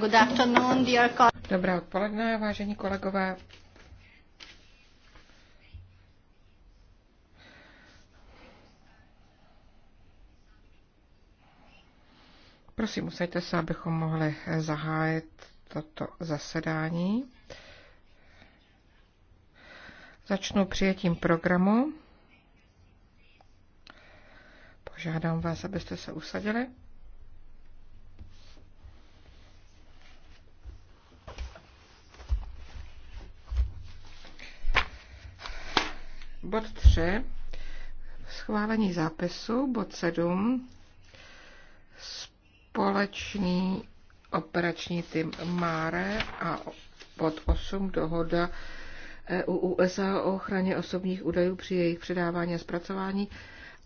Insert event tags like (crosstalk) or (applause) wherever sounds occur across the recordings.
Good afternoon, dear Dobré odpoledne, vážení kolegové. Prosím, usaďte se, abychom mohli zahájit toto zasedání. Začnu přijetím programu. Požádám vás, abyste se usadili. Bod 3. Schválení zápisu. Bod 7. Společný operační tým MARE a bod 8 dohoda EU-USA o ochraně osobních údajů při jejich předávání a zpracování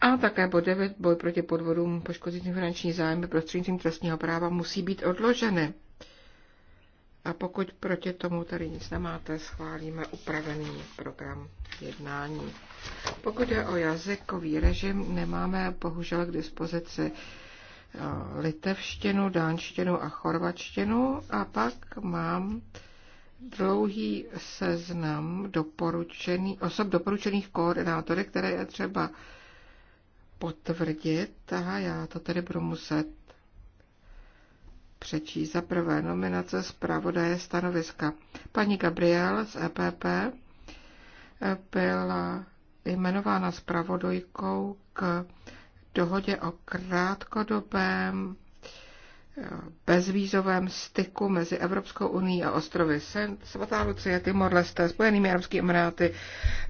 a také bod 9 boj proti podvodům poškozit finanční zájmy prostřednictvím trestního práva musí být odloženy. A pokud proti tomu tady nic nemáte, schválíme upravený program jednání. Pokud je o jazykový režim, nemáme bohužel k dispozici eh, litevštinu, dánštinu a chorvačtinu a pak mám dlouhý seznam doporučený, osob doporučených koordinátory, které je třeba potvrdit Aha, já to tedy budu muset přečí Za prvé nominace zpravodaje stanoviska. Paní Gabriel z EPP byla jmenována zpravodajkou k dohodě o krátkodobém eh, bezvízovém styku mezi Evropskou uní a ostrovy Svatá Lucie, Timor-Leste, Spojenými Arabskými Emiráty,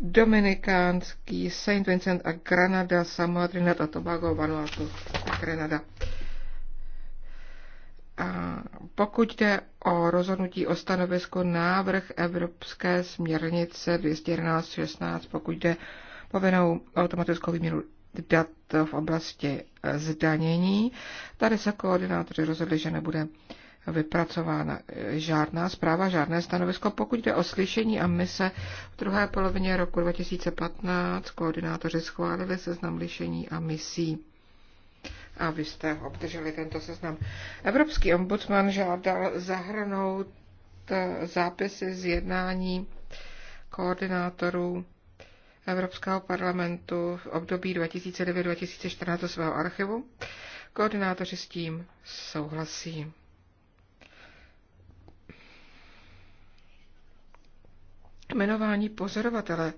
Dominikánský, Saint Vincent a Granada, Samoa, Trinidad a Tobago, Vanuatu a Grenada pokud jde o rozhodnutí o stanovisku návrh Evropské směrnice 211.16, pokud jde povinnou automatickou výměnu dat v oblasti e, zdanění, tady se koordinátoři rozhodli, že nebude vypracována žádná zpráva, žádné stanovisko. Pokud jde o slyšení a mise v druhé polovině roku 2015, koordinátoři schválili seznam lišení a misí abyste obdrželi tento seznam. Evropský ombudsman žádal zahrnout eh, zápisy z jednání koordinátorů Evropského parlamentu v období 2009-2014 do svého archivu. Koordinátoři s tím souhlasí. Jmenování pozorovatele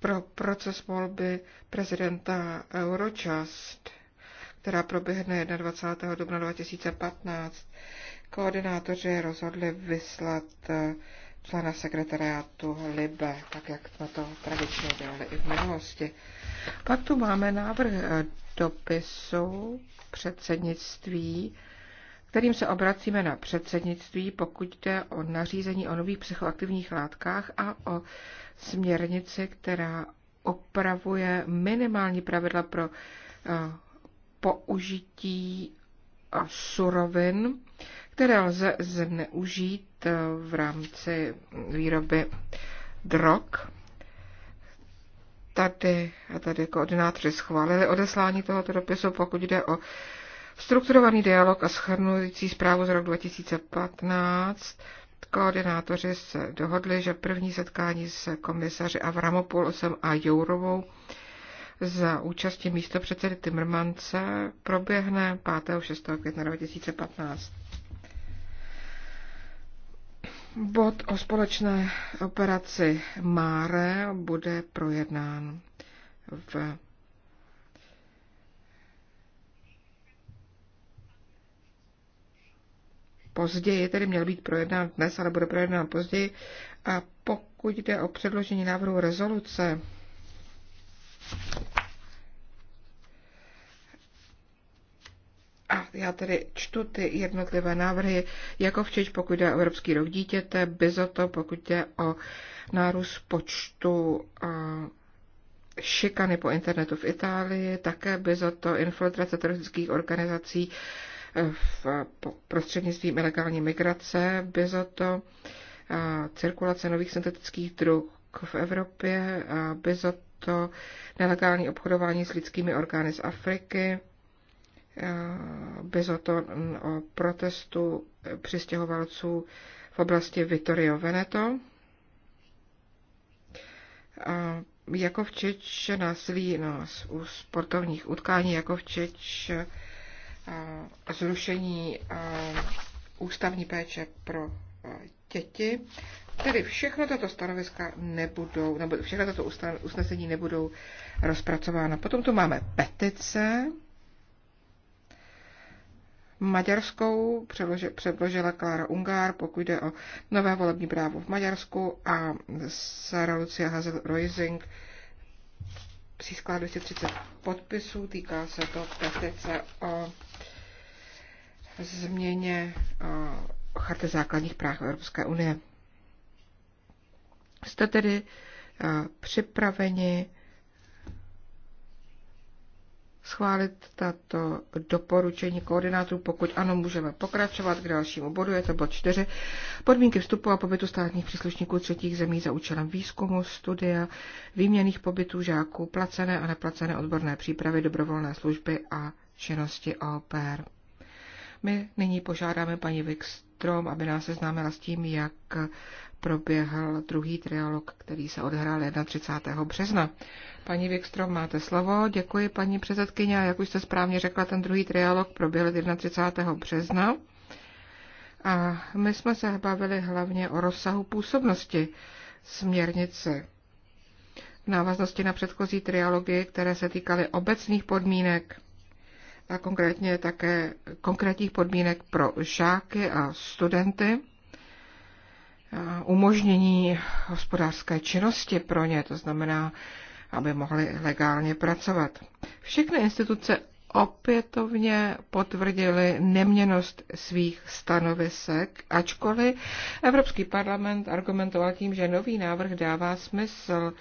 pro proces volby prezidenta Eurochast, která proběhne 21. dubna 2015. Koordinátoři rozhodli vyslat eh, člena sekretariátu Libe, tak jak jsme to tradičně dělali i v minulosti. Pak tu máme návrh eh, dopisu předsednictví kterým se obracíme na předsednictví, pokud jde o nařízení o nových psychoaktivních látkách a o směrnici, která opravuje minimální pravidla pro eh, použití eh, surovin, které lze zneužít eh, v rámci výroby drog. Tady, tady koordinátoři schválili odeslání tohoto dopisu, pokud jde o Strukturovaný dialog a schrnující zprávu z roku 2015 koordinátoři se dohodli, že první setkání s komisaři Avramopoulosem a Jourovou za účasti místopředsedy Timmermance proběhne 5. 6. května 2015. Bod o společné operaci Máre bude projednán v později, tedy měl být projednán dnes, ale bude projednán později. A pokud jde o předložení návrhu rezoluce, a já tedy čtu ty jednotlivé návrhy, jako včeč, pokud jde o Evropský rok dítěte, bizoto, pokud jde o nárůst počtu šikany po internetu v Itálii, také bizoto, infiltrace teroristických organizací v prostřednictvím ilegální migrace, by to cirkulace nových syntetických druh v Evropě, by to nelegální obchodování s lidskými orgány z Afriky, by to o protestu přistěhovalců v oblasti Vittorio Veneto. A jako včetně násilí no, u sportovních utkání, jako včetně zrušení ústavní péče pro děti. Tedy všechno tato stanoviska nebudou, nebo všechno tato usnesení nebudou rozpracována. Potom tu máme petice. Maďarskou předložila Klára Ungár, pokud jde o nové volební právo v Maďarsku a Sara Lucia Hazel Roising získala 230 podpisů, týká se to petice o změně eh, Charty základních práv Evropské unie. Jste tedy eh, připraveni schválit tato doporučení koordinátů, Pokud ano, můžeme pokračovat k dalšímu bodu. Je to bod 4. Podmínky vstupu a pobytu státních příslušníků třetích zemí za účelem výzkumu, studia, výměných pobytů žáků, placené a neplacené odborné přípravy, dobrovolné služby a činnosti OPR. My nyní požádáme paní Wikstrom, aby nás seznámila s tím, jak proběhl druhý trialog, který se odehrál 31. března. Paní Wikstrom, máte slovo. Děkuji, paní předsedkyně. Jak už jste správně řekla, ten druhý trialog proběhl 31. března. A my jsme se bavili hlavně o rozsahu působnosti směrnice. V návaznosti na předchozí trialogy, které se týkaly obecných podmínek a konkrétně také konkrétních podmínek pro žáky a studenty, umožnění hospodářské činnosti pro ně, to znamená, aby mohli legálně pracovat. Všechny instituce opětovně potvrdili neměnost svých stanovisek, ačkoliv Evropský parlament argumentoval tím, že nový návrh dává smysl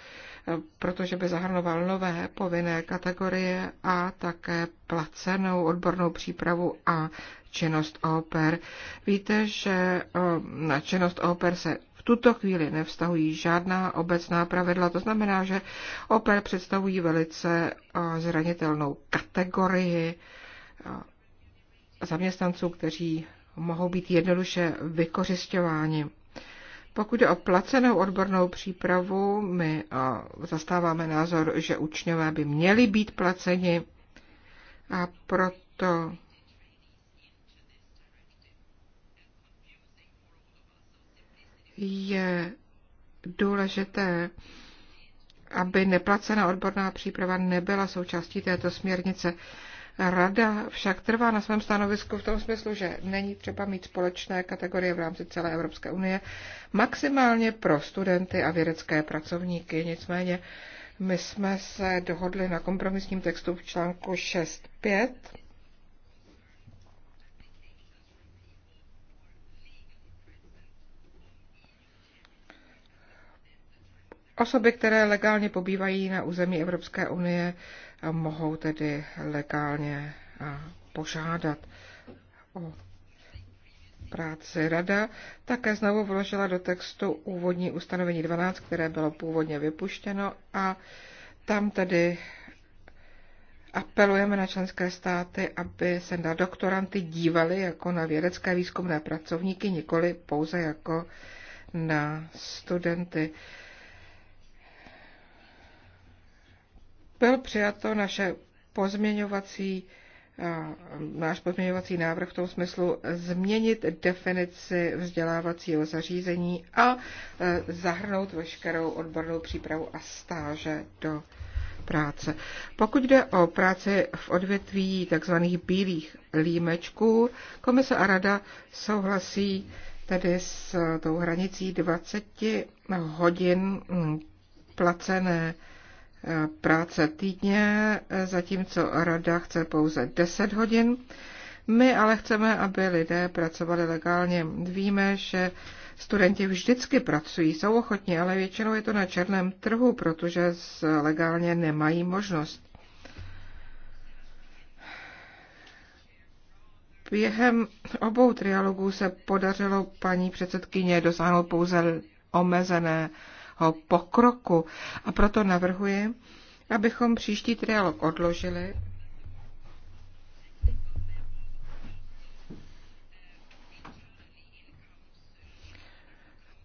protože by zahrnoval nové povinné kategorie a také placenou odbornou přípravu a činnost OPER. Víte, že eh, na činnost OPER se v tuto chvíli nevztahují žádná obecná pravidla, to znamená, že OPER představují velice eh, zranitelnou kategorii eh, zaměstnanců, kteří mohou být jednoduše vykořišťováni. Pokud je o placenou odbornou přípravu, my eh, zastáváme názor, že učňové by měli být placeni a proto je důležité, aby neplacená odborná příprava nebyla součástí této směrnice. Rada však trvá na svém stanovisku v tom smyslu, že není třeba mít společné kategorie v rámci celé Evropské unie, maximálně pro studenty a vědecké pracovníky. Nicméně my jsme se dohodli na kompromisním textu v článku 6.5 Osoby, které legálně pobývají na území Evropské unie, mohou tedy legálně požádat o práci rada. Také znovu vložila do textu úvodní ustanovení 12, které bylo původně vypuštěno a tam tedy apelujeme na členské státy, aby se na doktoranty dívali jako na vědecké výzkumné pracovníky, nikoli pouze jako na studenty. byl přijato naše pozměňovací, eh, náš pozměňovací návrh v tom smyslu změnit definici vzdělávacího zařízení a eh, zahrnout veškerou odbornou přípravu a stáže do práce. Pokud jde o práci v odvětví tzv. bílých límečků, komise a rada souhlasí tedy s tou hranicí 20 hodin mm, placené práce týdně, zatímco rada chce pouze 10 hodin. My ale chceme, aby lidé pracovali legálně. Víme, že studenti vždycky pracují, jsou ochotní, ale většinou je to na černém trhu, protože legálně nemají možnost. Během obou trialogů se podařilo paní předsedkyně dosáhnout pouze omezené pokroku. A proto navrhuji, abychom příští trialog odložili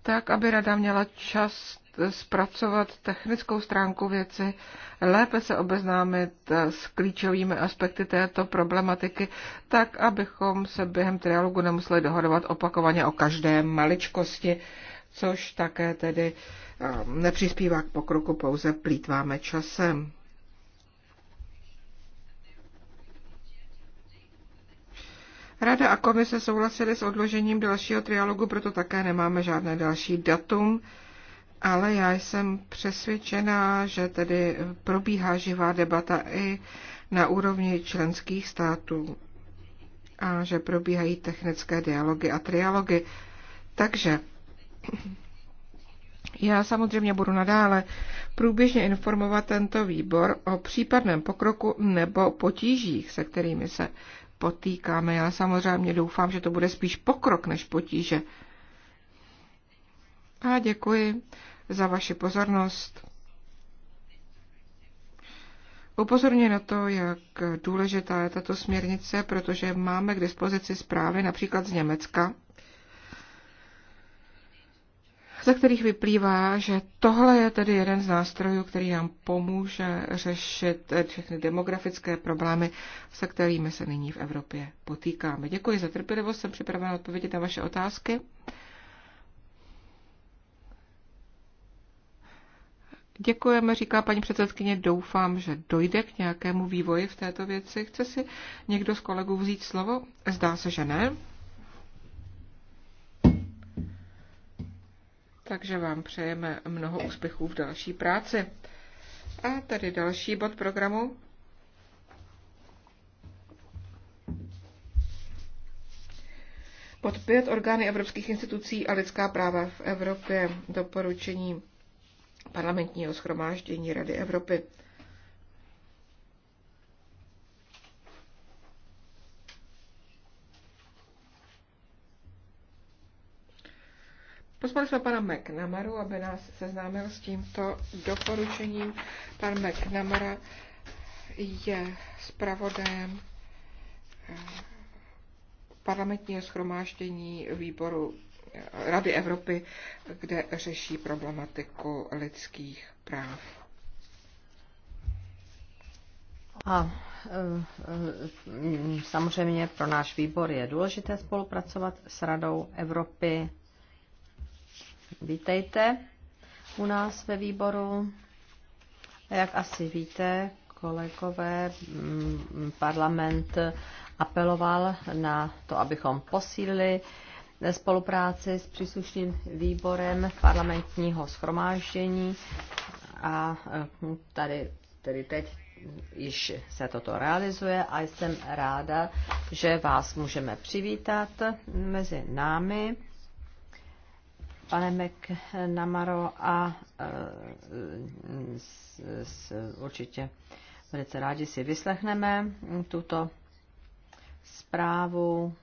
tak, aby rada měla čas zpracovat technickou stránku věci, lépe se obeznámit s klíčovými aspekty této problematiky, tak, abychom se během trialogu nemuseli dohodovat opakovaně o každé maličkosti, což také tedy uh, Ehm, nepřispívá k pokroku, pouze plítváme časem. Rada a komise souhlasili s odložením dalšího trialogu, proto také nemáme žádné další datum, ale já jsem přesvědčená, že tedy probíhá živá debata i na úrovni členských států a že probíhají technické dialogy a trialogy. Takže já samozřejmě budu nadále průběžně informovat tento výbor o případném pokroku nebo potížích, se kterými se potýkáme. Já samozřejmě doufám, že to bude spíš pokrok než potíže. A děkuji za vaši pozornost. Upozorňuji na to, jak důležitá je tato směrnice, protože máme k dispozici zprávy například z Německa, ze kterých vyplývá, že tohle je tedy jeden z nástrojů, který nám pomůže řešit eh, všechny demografické problémy, se kterými se nyní v Evropě potýkáme. Děkuji za trpělivost, jsem připravena odpovědět na vaše otázky. Děkujeme, říká paní předsedkyně, doufám, že dojde k nějakému vývoji v této věci. Chce si někdo z kolegů vzít slovo? Zdá se, že ne. takže vám přejeme mnoho úspěchů v další práci. A tady další bod programu. Pod pět orgány evropských institucí a lidská práva v Evropě doporučení parlamentního schromáždění Rady Evropy. Pozvali jsme pana McNamaru, aby nás seznámil s tímto doporučením. Pan McNamara je zpravodajem eh, parlamentního schromáždění výboru eh, Rady Evropy, kde řeší problematiku lidských práv. A eh, samozřejmě pro náš výbor je důležité spolupracovat s Radou Evropy Vítejte u nás ve výboru. Jak asi víte, kolegové, mm, parlament apeloval na to, abychom posílili spolupráci s příslušným výborem parlamentního schromáždění a mm, tady, tedy teď již se toto realizuje a jsem ráda, že vás můžeme přivítat mezi námi pane McNamaro, a e, s, s, určitě velice rádi si vyslechneme tuto zprávu,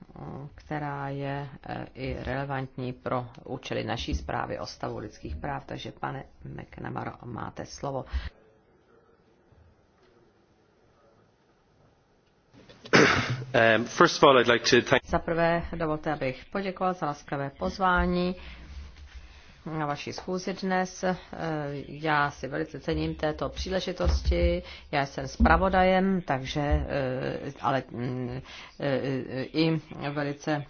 která je e, i relevantní pro účely naší zprávy o stavu lidských práv. Takže pane McNamaro, máte slovo. Um, like thank... Za prvé dovolte, abych poděkoval za laskavé pozvání na vaší schůzi dnes. Eh, já si velice cením této příležitosti. Já jsem zpravodajem, takže eh, ale mm, eh, i velice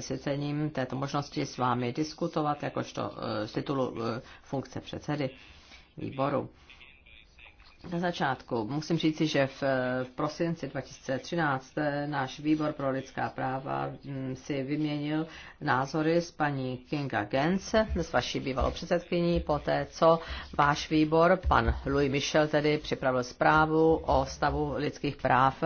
si cením této možnosti s vámi diskutovat, jakožto z titulu funkce předsedy výboru. Na začátku musím říci, že v, v prosinci 2013 eh, náš výbor pro lidská práva mm, si vyměnil názory s paní Kinga Gens, s vaší bývalou předsedkyní, poté co váš výbor, pan Louis Michel tedy, připravil zprávu o stavu lidských práv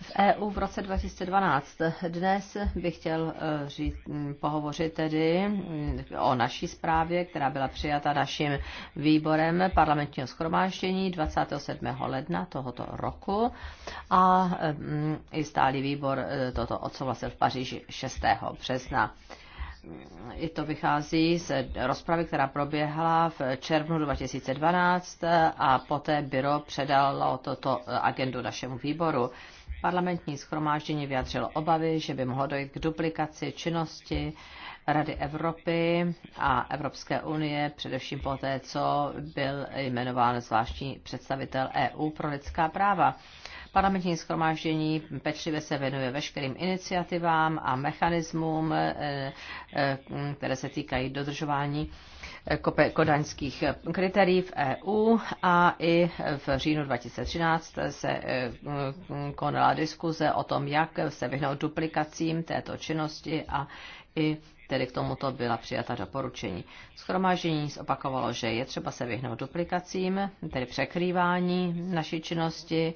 v EU v roce 2012. Dnes bych chtěl eh, říct, mm, pohovořit tedy mm, o naší zprávě, která byla přijata naším výborem parlamentního schromáždění 20 27. ledna tohoto roku a mm, i stálý výbor e, toto odsouhlasil v Paříži 6. března. I to vychází z rozpravy, která proběhla v červnu 2012 a poté byro předalo toto agendu našemu výboru. Parlamentní schromáždění vyjadřilo obavy, že by mohlo dojít k duplikaci činnosti Rady Evropy a Evropské unie, především po té, co byl jmenován zvláštní představitel EU pro lidská práva. Parlamentní schromáždění pečlivě se věnuje veškerým iniciativám a mechanismům, eh, eh, které se týkají dodržování eh, kodaňských kritérií v EU a i v říjnu 2013 se konala diskuze o tom, jak se vyhnout duplikacím této činnosti a i tedy k tomuto byla přijata doporučení. Schromáždění zopakovalo, že je třeba se vyhnout duplikacím, tedy překrývání naší činnosti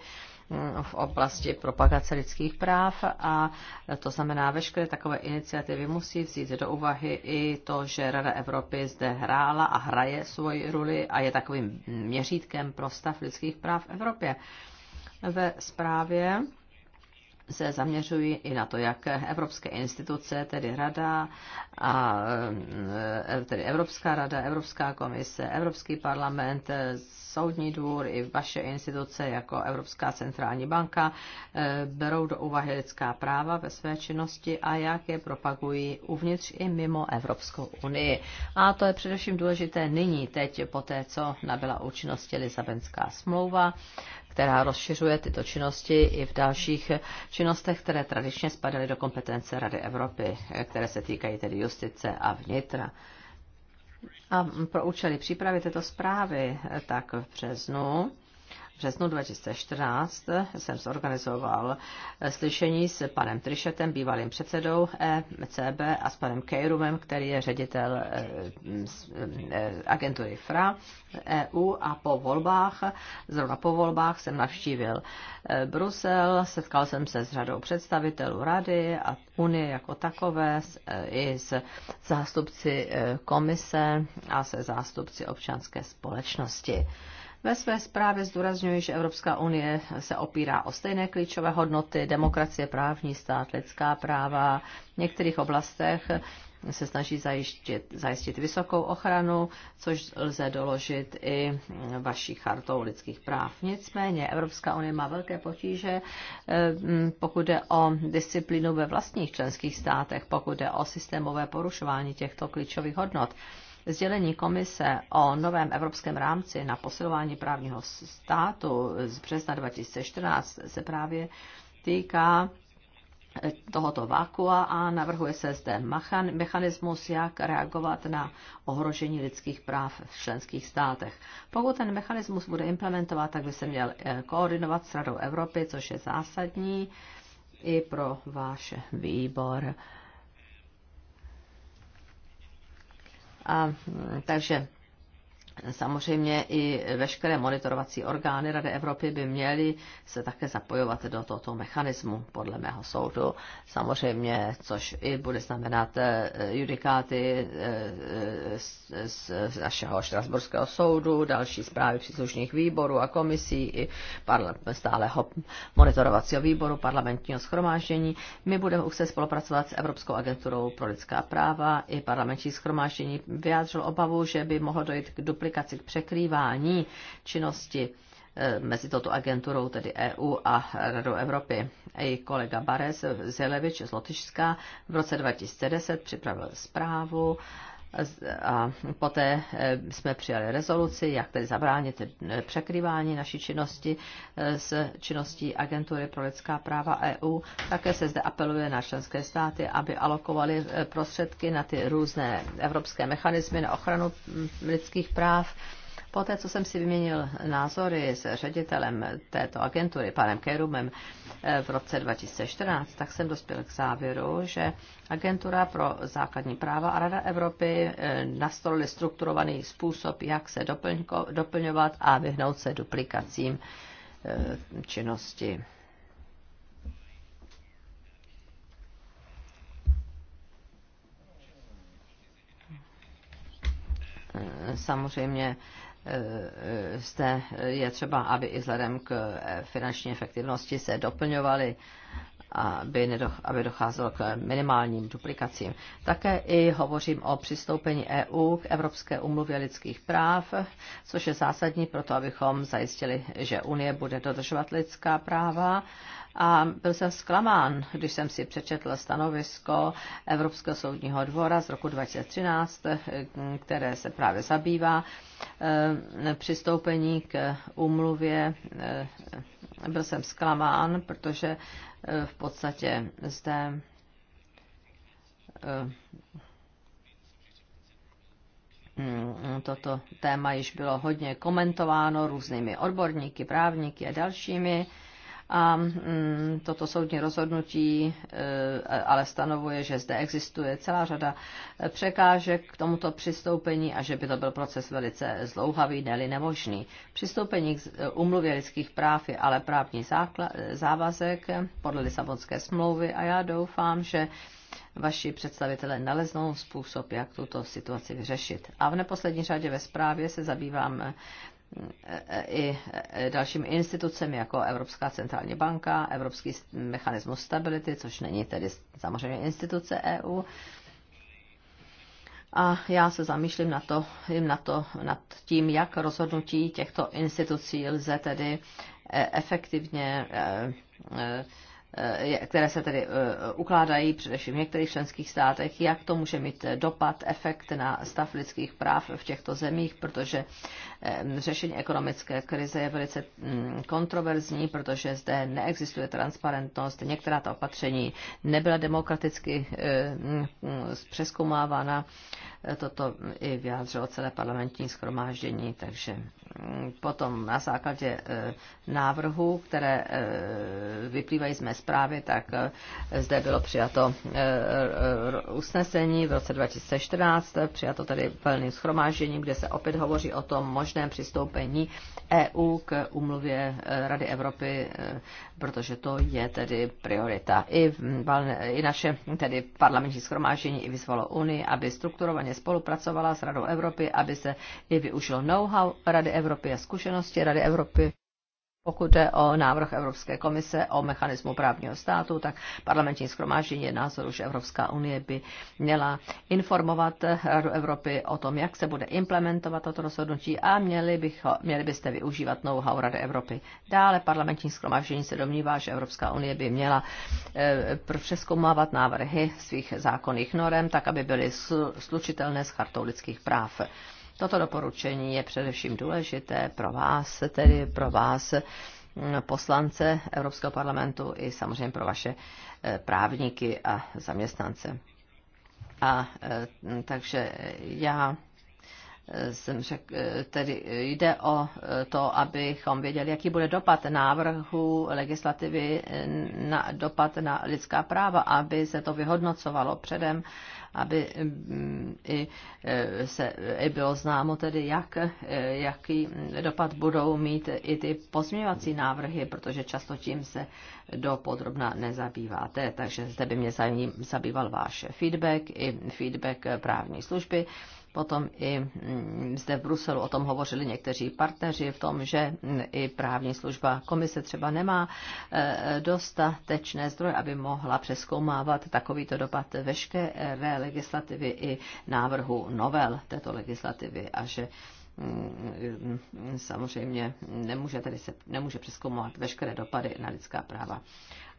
mm, v oblasti propagace lidských práv a to znamená, veškeré takové iniciativy musí vzít do úvahy i to, že Rada Evropy zde hrála a hraje svoji roli a je takovým měřítkem pro stav lidských práv v Evropě. Ve zprávě se zaměřují i na to, jak evropské instituce, tedy rada, a, e, e, tedy Evropská rada, Evropská komise, Evropský parlament, Soudní dvůr i vaše instituce jako Evropská centrální banka e, berou do úvahy lidská práva ve své činnosti a jak je propagují uvnitř i mimo Evropskou unii. A to je především důležité nyní, teď po té, co nabyla účinnosti Lisabenská smlouva, která rozšiřuje tyto činnosti i v dalších činnostech, které tradičně spadaly do kompetence Rady Evropy, které se týkají tedy justice a vnitra. A pro účely přípravy této zprávy, tak v březnu březnu 2014 jsem zorganizoval slyšení s panem Trišetem, bývalým předsedou ECB a s panem Kejrumem, který je ředitel eh, eh, agentury FRA EU a po volbách, zrovna po volbách jsem navštívil eh, Brusel, setkal jsem se s řadou představitelů rady a unie jako takové, i s zástupci komise a se zástupci občanské společnosti. Ve své zprávě zdůrazňuji, že Evropská unie se opírá o stejné klíčové hodnoty, demokracie, právní stát, lidská práva. V některých oblastech se snaží zajistit, zajistit vysokou ochranu, což lze doložit i vaší chartou lidských práv. Nicméně Evropská unie má velké potíže, eh, pokud jde o disciplínu ve vlastních členských státech, pokud jde o systémové porušování těchto klíčových hodnot. Sdělení komise o novém evropském rámci na posilování právního státu z března 2014 se právě týká eh, tohoto vákua a navrhuje se zde mechanismus, jak reagovat na ohrožení lidských práv v členských státech. Pokud ten mechanismus bude implementovat, tak by se měl eh, koordinovat s Radou Evropy, což je zásadní i pro váš výbor. A, takže Samozřejmě i veškeré monitorovací orgány Rady Evropy by měly se také zapojovat do tohoto mechanismu, podle mého soudu. Samozřejmě, což i bude znamenat eh, judikáty eh, eh, z, našeho Štrasburského soudu, další zprávy příslušných výborů a komisí i stáleho monitorovacího výboru parlamentního schromáždění. My budeme už se spolupracovat s Evropskou agenturou pro lidská práva. I parlamentní schromáždění vyjádřil obavu, že by mohlo dojít k duplikaci komplikaci, k překrývání činnosti eh, mezi touto agenturou, tedy EU a Radou Evropy. Její kolega Bares Zelevič z Lotyšska v roce 2010 připravil zprávu a poté eh, jsme přijali rezoluci, jak tedy zabránit eh, překrývání naší činnosti eh, s činností Agentury pro lidská práva EU. Také se zde apeluje na členské státy, aby alokovali prostředky na ty různé evropské mechanismy na ochranu mm, lidských práv Poté, co jsem si vyměnil názory s ředitelem této agentury, panem Kerumem, eh, v roce 2014, tak jsem dospěl k závěru, že Agentura pro základní práva a Rada Evropy eh, nastolili strukturovaný způsob, jak se doplňovat a vyhnout se duplikacím eh, činnosti. Samozřejmě jste, eh, je třeba, aby i vzhledem k eh, finanční efektivnosti se doplňovaly, aby, nedoch, aby docházelo k minimálním duplikacím. Také i hovořím o přistoupení EU k Evropské umluvě lidských práv, což je zásadní pro to, abychom zajistili, že Unie bude dodržovat lidská práva a byl jsem zklamán, když jsem si přečetl stanovisko Evropského soudního dvora z roku 2013, které se právě zabývá eh, přistoupení k úmluvě. Eh, byl jsem zklamán, protože eh, v podstatě zde toto téma již bylo hodně komentováno různými odborníky, právníky a dalšími. A mm, toto soudní rozhodnutí eh, ale stanovuje, že zde existuje celá řada eh, překážek k tomuto přistoupení a že by to byl proces velice zlouhavý, ne nemožný. Přistoupení k eh, umluvě lidských práv je ale právní závazek podle Lisabonské smlouvy a já doufám, že vaši představitelé naleznou způsob, jak tuto situaci vyřešit. A v neposlední řadě ve zprávě se zabývám i dalšími institucemi, jako Evropská centrální banka, Evropský mechanismus stability, což není tedy samozřejmě instituce EU. A já se zamýšlím na to, na to, nad tím, jak rozhodnutí těchto institucí lze tedy eh, efektivně eh, eh, Eh, které se tedy eh, ukládají především v některých členských státech, jak to může mít dopad, efekt na stav lidských práv v těchto zemích, protože eh, řešení ekonomické krize je velice mm, kontroverzní, protože zde neexistuje transparentnost, některá ta opatření nebyla demokraticky mm, přeskoumávána, toto i vyjádřilo celé parlamentní schromáždění, takže mm, potom na základě návrhu, které vyplývají z mé zprávy, tak eh, zde bylo přijato eh, eh, usnesení v roce 2014, přijato tady plným schromážením, kde se opět hovoří o tom možném přistoupení EU k umluvě Rady Evropy, protože to je tedy priorita. I, mm, i naše tedy parlamentní schromáždění i vyzvalo Unii, aby strukturovaně spolupracovala s Radou Evropy, aby se i využilo know-how Rady Evropy a zkušenosti Rady Evropy pokud jde o návrh Evropské komise o mechanismu právního státu, tak parlamentní schromáždění je názoru, že Evropská unie by měla informovat Radu Evropy o tom, jak se bude implementovat toto rozhodnutí a měli, bych, měli byste využívat know-how Rady Evropy. Dále parlamentní schromáždění se domnívá, že Evropská unie by měla eh, přeskoumávat návrhy svých zákonných norem, tak aby byly slučitelné s chartou lidských práv. Toto doporučení je především důležité pro vás, tedy pro vás poslance Evropského parlamentu i samozřejmě pro vaše e, právníky a zaměstnance. A e, takže já jsem řekl, eh, tedy jde o eh, to, abychom věděli, jaký bude dopad návrhu legislativy eh, na dopad na lidská práva, aby se to vyhodnocovalo předem, aby mm, i, se, i bylo známo tedy, jak, jaký dopad budou mít i ty pozměňovací návrhy, protože často tím se do podrobna nezabýváte. Takže zde by mě zabýval váš feedback i feedback právní služby Potom i mm, zde v Bruselu o tom hovořili někteří partneři v tom, že mm, i právní služba komise třeba nemá e, dostatečné zdroje, aby mohla přeskoumávat takovýto dopad veškeré legislativy i návrhu novel této legislativy a že mm, samozřejmě nemůže, tedy se, nemůže přeskoumovat veškeré dopady na lidská práva.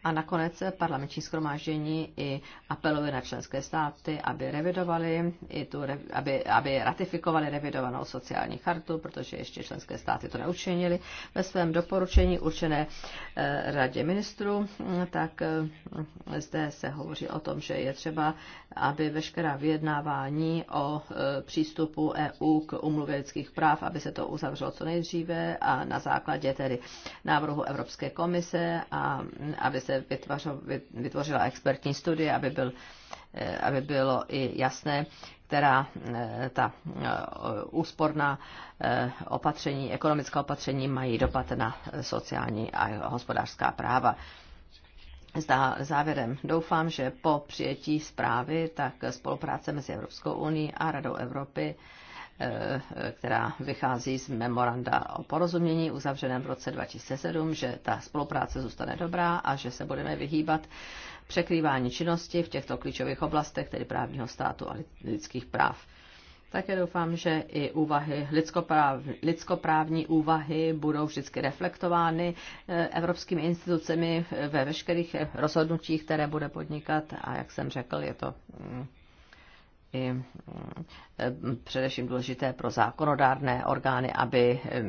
A nakonec parlamentní schromáždění i apeluje na členské státy, aby revidovali, i tu, aby, aby ratifikovali revidovanou sociální chartu, protože ještě členské státy to neučinili. Ve svém doporučení určené eh, radě ministrů, mm, tak eh, zde se hovoří o tom, že je třeba aby veškerá vyjednávání o e, přístupu EU k umluvě lidských práv, aby se to uzavřelo co nejdříve a na základě tedy návrhu Evropské komise a aby se vytvořila expertní studie, aby, byl, e, aby bylo i jasné, která e, ta úsporná opatření, ekonomická opatření mají dopad na sociální a hospodářská práva. Zda, závěrem doufám, že po přijetí zprávy tak spolupráce mezi Evropskou unii a Radou Evropy eh, která vychází z memoranda o porozumění uzavřeném v roce 2007, že ta spolupráce zůstane dobrá a že se budeme vyhýbat překrývání činnosti v těchto klíčových oblastech, tedy právního státu a lidských práv. Také doufám, že i úvahy, lidskopráv, lidskoprávní úvahy budou vždycky reflektovány eh, evropskými institucemi ve veškerých rozhodnutích, které bude podnikat. A jak jsem řekl, je to mm, i mm, Eh, především důležité pro zákonodárné orgány, aby eh,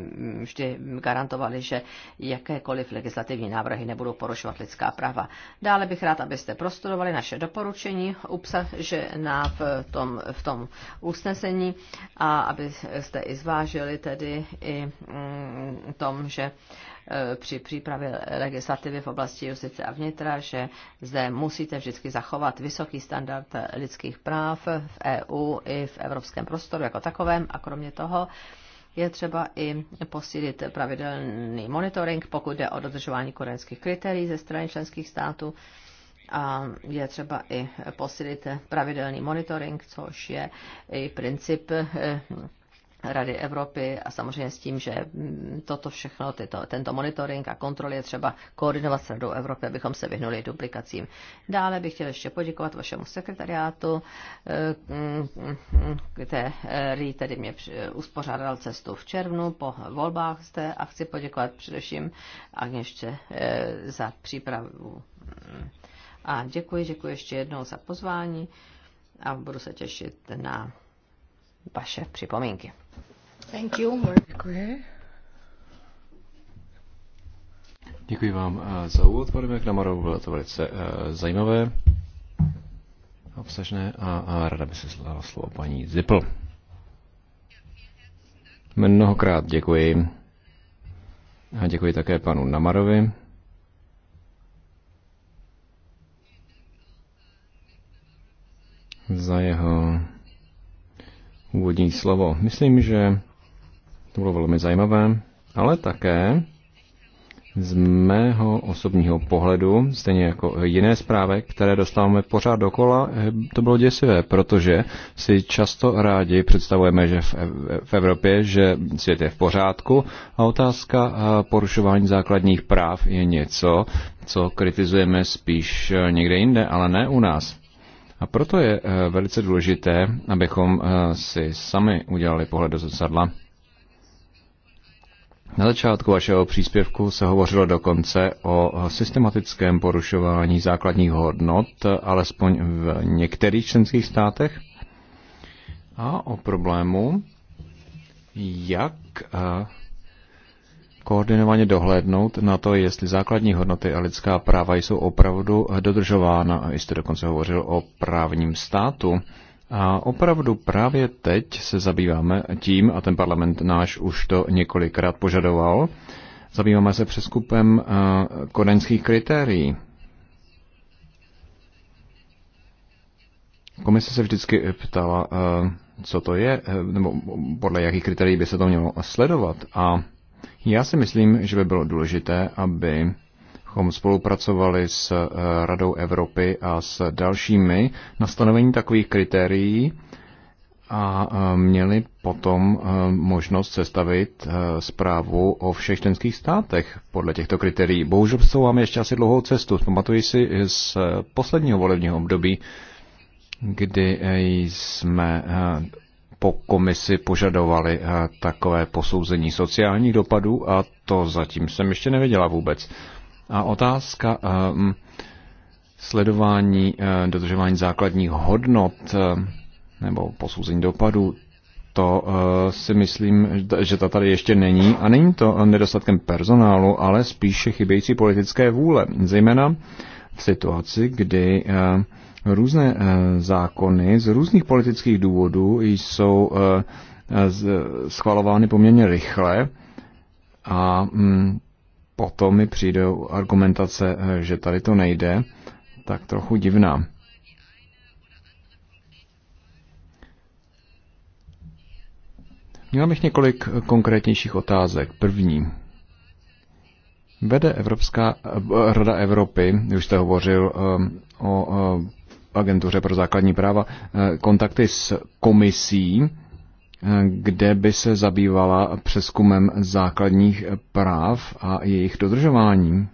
vždy garantovali, že jakékoliv legislativní návrhy nebudou porušovat lidská práva. Dále bych rád, abyste prostudovali naše doporučení obsažená v tom, v tom usnesení a abyste i zvážili tedy i mm, tom, že eh, při přípravě legislativy v oblasti justice a vnitra, že zde musíte vždycky zachovat vysoký standard lidských práv v EU i v Evropě evropském prostoru jako takovém a kromě toho je třeba i posílit pravidelný monitoring, pokud jde o dodržování korenských kritérií ze strany členských států a je třeba i posílit pravidelný monitoring, což je i princip eh, Rady Evropy a samozřejmě s tím, že mm, toto všechno, tyto, tento monitoring a kontroly je třeba koordinovat s Radou Evropy, abychom se vyhnuli duplikacím. Dále bych chtěl ještě poděkovat vašemu sekretariátu, eh, mm, mm, který eh, tedy mě eh, uspořádal cestu v červnu po volbách zde a chci poděkovat především Agněšce za přípravu. A děkuji, děkuji ještě jednou za pozvání a budu se těšit na vaše připomínky. Thank you. Děkuji. vám eh, za úvod, pane McNamara, bylo to velice eh, zajímavé, obsažné a, a rada by se dala slovo paní Zipl. Mnohokrát děkuji. A děkuji také panu Namarovi. za jeho úvodní slovo. Myslím, že to bylo velmi zajímavé, ale také z mého osobního pohledu, stejně jako jiné zprávy, které dostáváme pořád dokola, eh, to bylo děsivé, protože si často rádi představujeme, že v Evropě, že svět je v pořádku a otázka eh, porušování základních práv je něco, co kritizujeme spíš eh, někde jinde, ale ne u nás. A proto je velice důležité, abychom si sami udělali pohled do zrcadla na začátku vašeho příspěvku se hovořilo dokonce o systematickém porušování základních hodnot, alespoň v některých členských státech, a o problému, jak eh, koordinovaně dohlédnout na to, jestli základní hodnoty a lidská práva jsou opravdu dodržována. Vy jste dokonce hovořil o právním státu a opravdu právě teď se zabýváme tím, a ten parlament náš už to několikrát požadoval, zabýváme se přeskupem eh, kodaňských kritérií. Komise se vždycky ptala, eh, co to je, eh, nebo podle jakých kritérií by se to mělo sledovat. A já si myslím, že by bylo důležité, aby abychom spolupracovali s eh, Radou Evropy a s dalšími na stanovení takových kritérií a eh, měli potom eh, možnost sestavit zprávu o všech členských státech podle těchto kritérií. Bohužel vám ještě asi dlouhou cestu. Pamatuji si z posledního volebního období, kdy jsme po komisi požadovali takové posouzení sociálních dopadů a to zatím jsem ještě nevěděla vůbec. A otázka ehm, sledování eh, dodržování základních hodnot eh, nebo posouzení dopadů, to eh, si myslím, že ta tady ještě není. A není to nedostatkem personálu, ale spíše chybějící politické vůle. Zejména v situaci, kdy různé zákony z různých politických důvodů jsou schvalovány poměrně rychle a mm, potom mi přijde argumentace, eh, že tady to nejde, tak trochu divná. Měl bych několik eh, konkrétnějších otázek. První. Vede Evropská eh, rada Evropy, už jste hovořil o agentuře pro základní práva, kontakty s komisí Eh, kde by se zabývala přeskumem základních práv a jejich dodržování.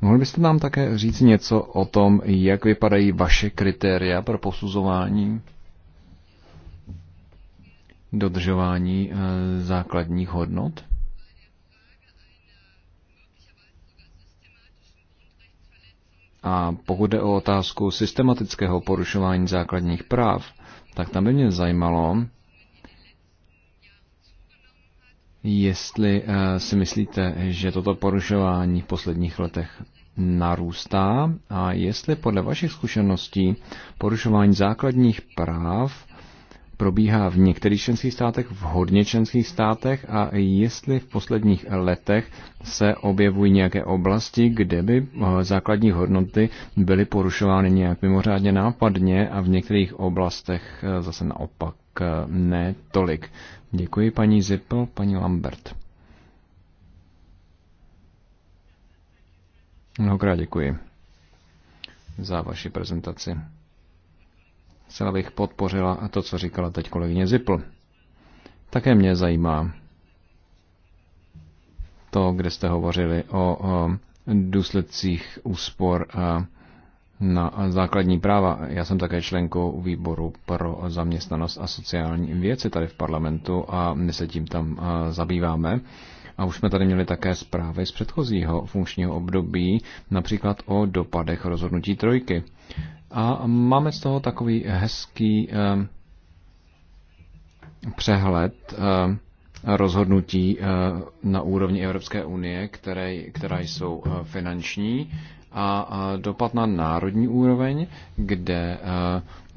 Mohl byste nám také říct něco o tom, jak vypadají vaše kritéria pro posuzování dodržování eh, základních hodnot? A pokud jde o otázku systematického porušování základních práv, tak tam by mě zajímalo, jestli eh, si myslíte, že toto porušování v posledních letech narůstá a jestli podle vašich zkušeností porušování základních práv probíhá v některých členských státech, v hodně členských státech a jestli v posledních letech se objevují nějaké oblasti, kde by eh, základní hodnoty byly porušovány nějak mimořádně nápadně a v některých oblastech eh, zase naopak ne tolik. Děkuji paní Zippel, paní Lambert. Mnohokrát děkuji za vaši prezentaci. Celá bych podpořila to, co říkala teď kolegyně Zippel. Také mě zajímá to, kde jste hovořili o, o důsledcích úspor a na základní práva. Já jsem také členkou výboru pro zaměstnanost a sociální věci tady v parlamentu a my se tím tam zabýváme. A už jsme tady měli také zprávy z předchozího funkčního období, například o dopadech rozhodnutí trojky. A máme z toho takový hezký eh, přehled eh, rozhodnutí eh, na úrovni Evropské unie, které, která jsou eh, finanční a dopad na národní úroveň, kde e,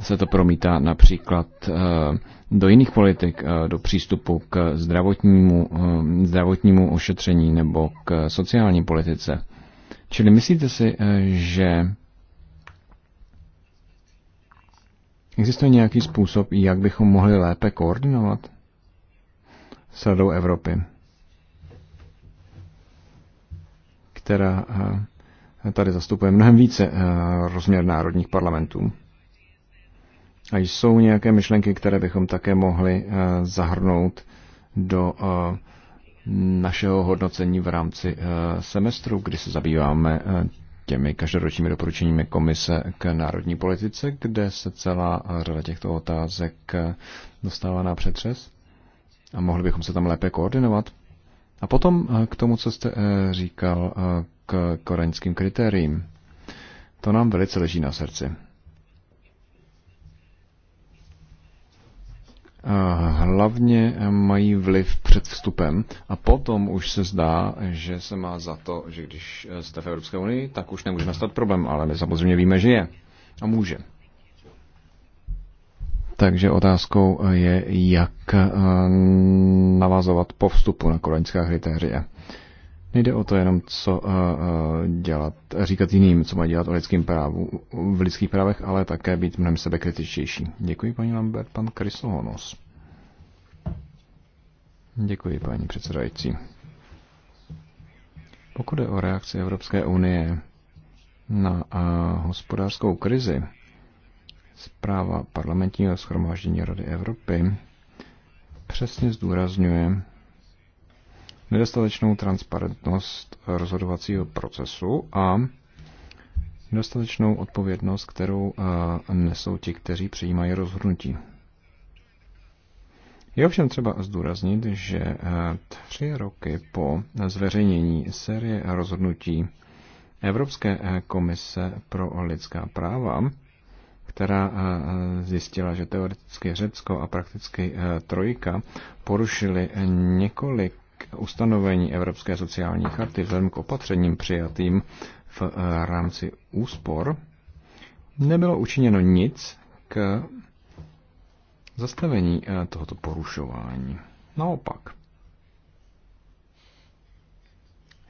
se to promítá například e, do jiných politik, e, do přístupu k zdravotnímu, zdravotnímu ošetření nebo k sociální politice. Čili myslíte si, že existuje nějaký způsob, jak bychom mohli lépe koordinovat s Radou Evropy, která tady zastupuje mnohem více eh, rozměr národních parlamentů. A jsou nějaké myšlenky, které bychom také mohli eh, zahrnout do eh, našeho hodnocení v rámci semestru, kdy se zabýváme těmi každoročními doporučeními komise k národní politice, kde se celá řada těchto otázek dostává na přetřes a mohli bychom se tam lépe koordinovat. A potom k tomu, co jste říkal k koreňským kritériím. To nám velice leží na srdci. Eh, hlavně mají vliv před vstupem a potom už se zdá, že se má za to, že když jste v Evropské unii, tak už nemůže nastat problém, ale my samozřejmě víme, že je a může. Takže otázkou je, jak eh, navazovat po vstupu na koreňská kritéria. Nejde o to jenom, co eh, eh, dělat, říkat jiným, co mají dělat o lidským právu, v lidských právech, ale také být mnohem sebekritičtější. Děkuji, paní Lambert, pan Krysohonos. Děkuji, paní předsedající. Pokud je o reakci Evropské unie na eh, hospodářskou krizi, zpráva parlamentního schromáždění Rady Evropy přesně zdůrazňuje, nedostatečnou transparentnost rozhodovacího procesu a nedostatečnou odpovědnost, kterou eh, nesou ti, kteří přijímají rozhodnutí. Je ovšem třeba zdůraznit, že eh, tři roky po zveřejnění série rozhodnutí Evropské eh, komise pro lidská práva, která zjistila, že teoreticky Řecko a prakticky Trojka porušili několik k ustanovení Evropské sociální charty vzhledem k opatřením přijatým v eh, rámci úspor nebylo učiněno nic k zastavení eh, tohoto porušování. Naopak,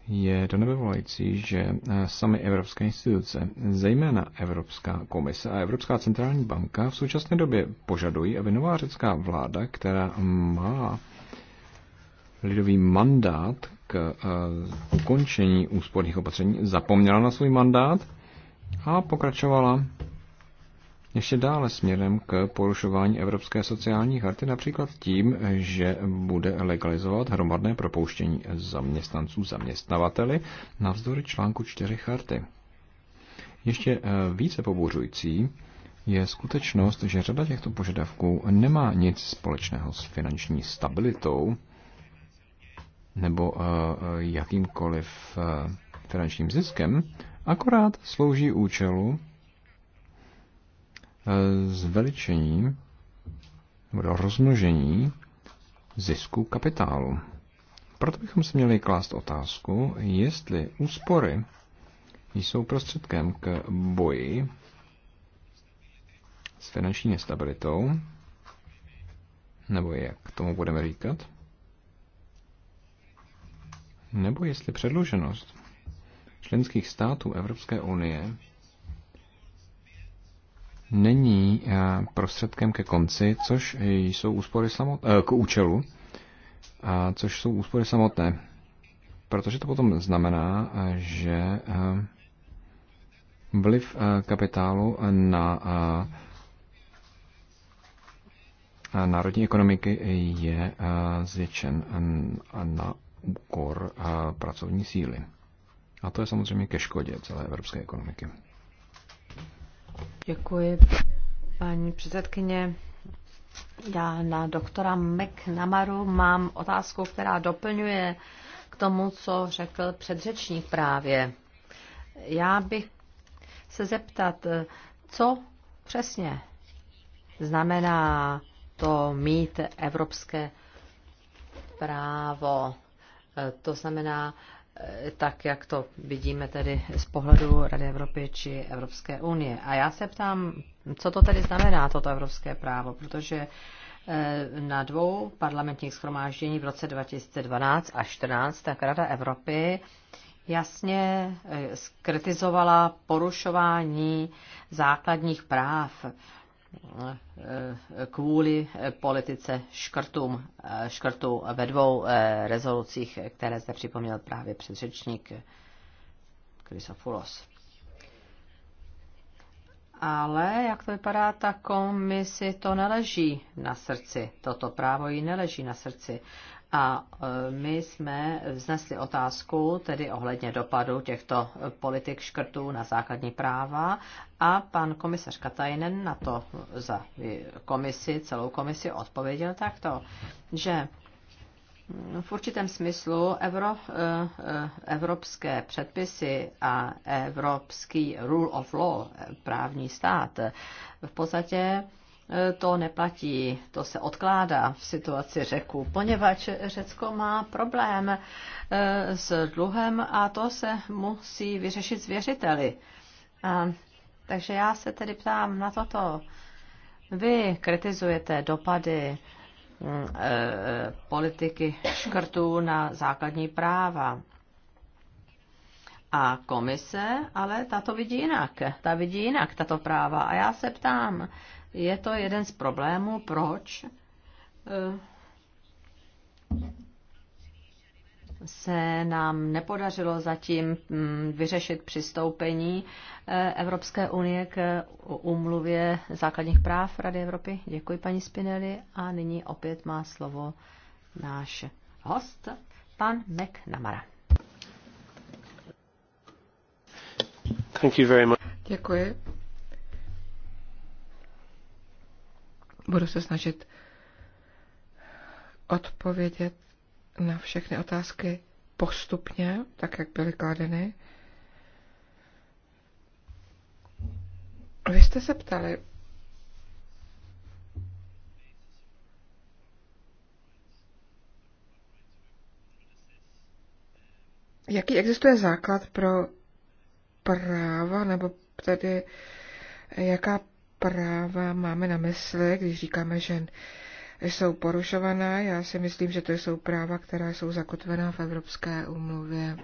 je to nebevolající, že eh, sami evropské instituce, zejména Evropská komise a Evropská centrální banka v současné době požadují, aby nová řecká vláda, která má lidový mandát k eh, ukončení úsporných opatření, zapomněla na svůj mandát a pokračovala ještě dále směrem k porušování Evropské sociální charty, například tím, že bude legalizovat hromadné propouštění zaměstnanců zaměstnavateli navzdory článku 4 charty. Ještě eh, více pobouřující je skutečnost, že řada těchto požadavků nemá nic společného s finanční stabilitou, nebo eh, eh, jakýmkoliv eh, finančním ziskem, akorát slouží účelu zveličení nebo rozmnožení zisku kapitálu. Proto bychom si měli klást otázku, jestli úspory jsou prostředkem k boji s finanční nestabilitou, nebo jak tomu budeme říkat, nebo jestli předluženost členských států Evropské unie není eh, prostředkem ke konci, což jsou úspory samotné, eh, k účelu, a což jsou úspory samotné. Protože to potom znamená, eh, že vliv kapitálu na národní ekonomiky je zvětšen na úkor a pracovní síly. A to je samozřejmě ke škodě celé evropské ekonomiky. Děkuji, paní předsedkyně. Já na doktora McNamaru mám otázku, která doplňuje k tomu, co řekl předřečník právě. Já bych se zeptat, co přesně znamená to mít evropské právo to znamená, eh, tak jak to vidíme tedy z pohledu Rady Evropy či Evropské unie. A já se ptám, co to tedy znamená, toto evropské právo, protože eh, na dvou parlamentních schromáždění v roce 2012 a 2014 tak Rada Evropy jasně eh, skritizovala porušování základních práv kvůli politice škrtům, škrtů ve dvou eh, rezolucích, které zde připomněl právě předřečník Krysofulos. Ale jak to vypadá, ta komisi to neleží na srdci. Toto právo jí neleží na srdci. A e, my jsme vznesli otázku tedy ohledně dopadu těchto politik škrtů na základní práva a pan komisař Katajnen na to za komisi, celou komisi odpověděl takto, že v určitém smyslu evro, e, e, evropské předpisy a evropský rule of law, právní stát, v podstatě E, to neplatí, to se odkládá v situaci řeku, poněvadž Řecko má problém e, s dluhem a to se musí vyřešit s věřiteli. A, takže já se tedy ptám na toto. Vy kritizujete dopady mm, e, politiky škrtů na základní práva. A komise, ale tato vidí jinak, ta vidí jinak tato práva. A já se ptám, je to jeden z problémů, proč eh, se nám nepodařilo zatím hm, vyřešit přistoupení eh, Evropské unie k úmluvě základních práv Rady Evropy. Děkuji, paní Spinelli. A nyní opět má slovo náš host, pan McNamara. Thank you very much. Děkuji. Budu se snažit odpovědět na všechny otázky postupně, tak jak byly kladeny. Vy jste se ptali, jaký existuje základ pro práva, nebo tedy jaká práva máme na mysli, když říkáme, že jsou porušovaná. Já si myslím, že to jsou práva, která jsou zakotvená v Evropské úmluvě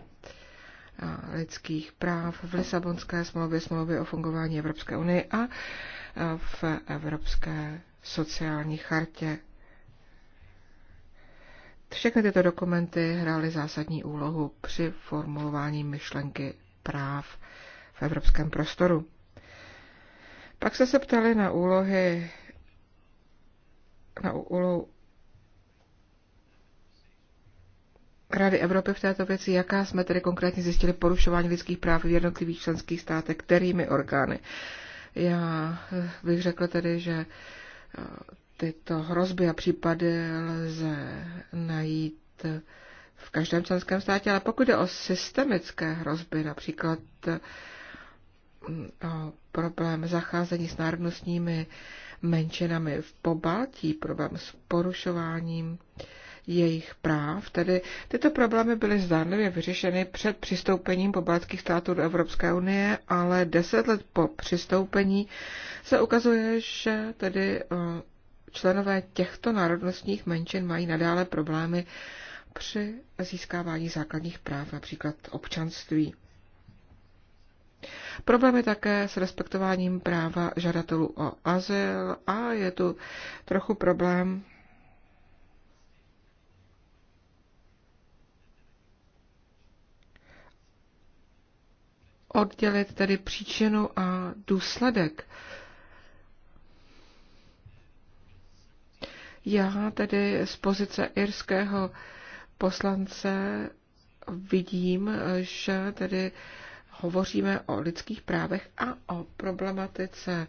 lidských práv, v Lisabonské smlouvě, smlouvě o fungování Evropské unie a v Evropské sociální chartě. Všechny tyto dokumenty hrály zásadní úlohu při formulování myšlenky práv v evropském prostoru. Pak se se ptali na úlohy, na úlohu Rady Evropy v této věci, jaká jsme tedy konkrétně zjistili porušování lidských práv v jednotlivých členských státech, kterými orgány. Já eh, bych řekl tedy, že eh, tyto hrozby a případy lze najít v každém členském státě, ale pokud jde o systemické hrozby, například mm, o problém zacházení s národnostními menšinami v Pobaltí, problém s porušováním jejich práv. Tedy tyto problémy byly zdánlivě vyřešeny před přistoupením pobaltských států do Evropské unie, ale deset let po přistoupení se ukazuje, že tedy eh, členové těchto národnostních menšin mají nadále problémy při získávání základních práv, například občanství. Problém je také s respektováním práva žadatelů o azyl a je tu trochu problém oddělit tedy příčinu a důsledek. Já tedy z pozice irského poslance vidím, že tedy hovoříme o lidských právech a o problematice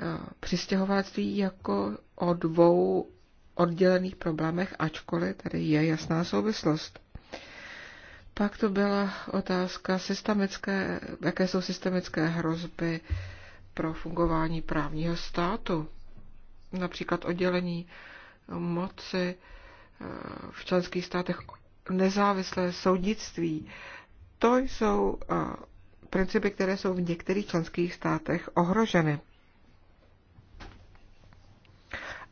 eh, přistěhovalectví jako o dvou oddělených problémech, ačkoliv tady je jasná souvislost. Pak to byla otázka systemické, jaké jsou systemické hrozby pro fungování právního státu. Například oddělení moci eh, v členských státech nezávislé soudnictví. To jsou eh, principy, které jsou v některých členských státech ohroženy.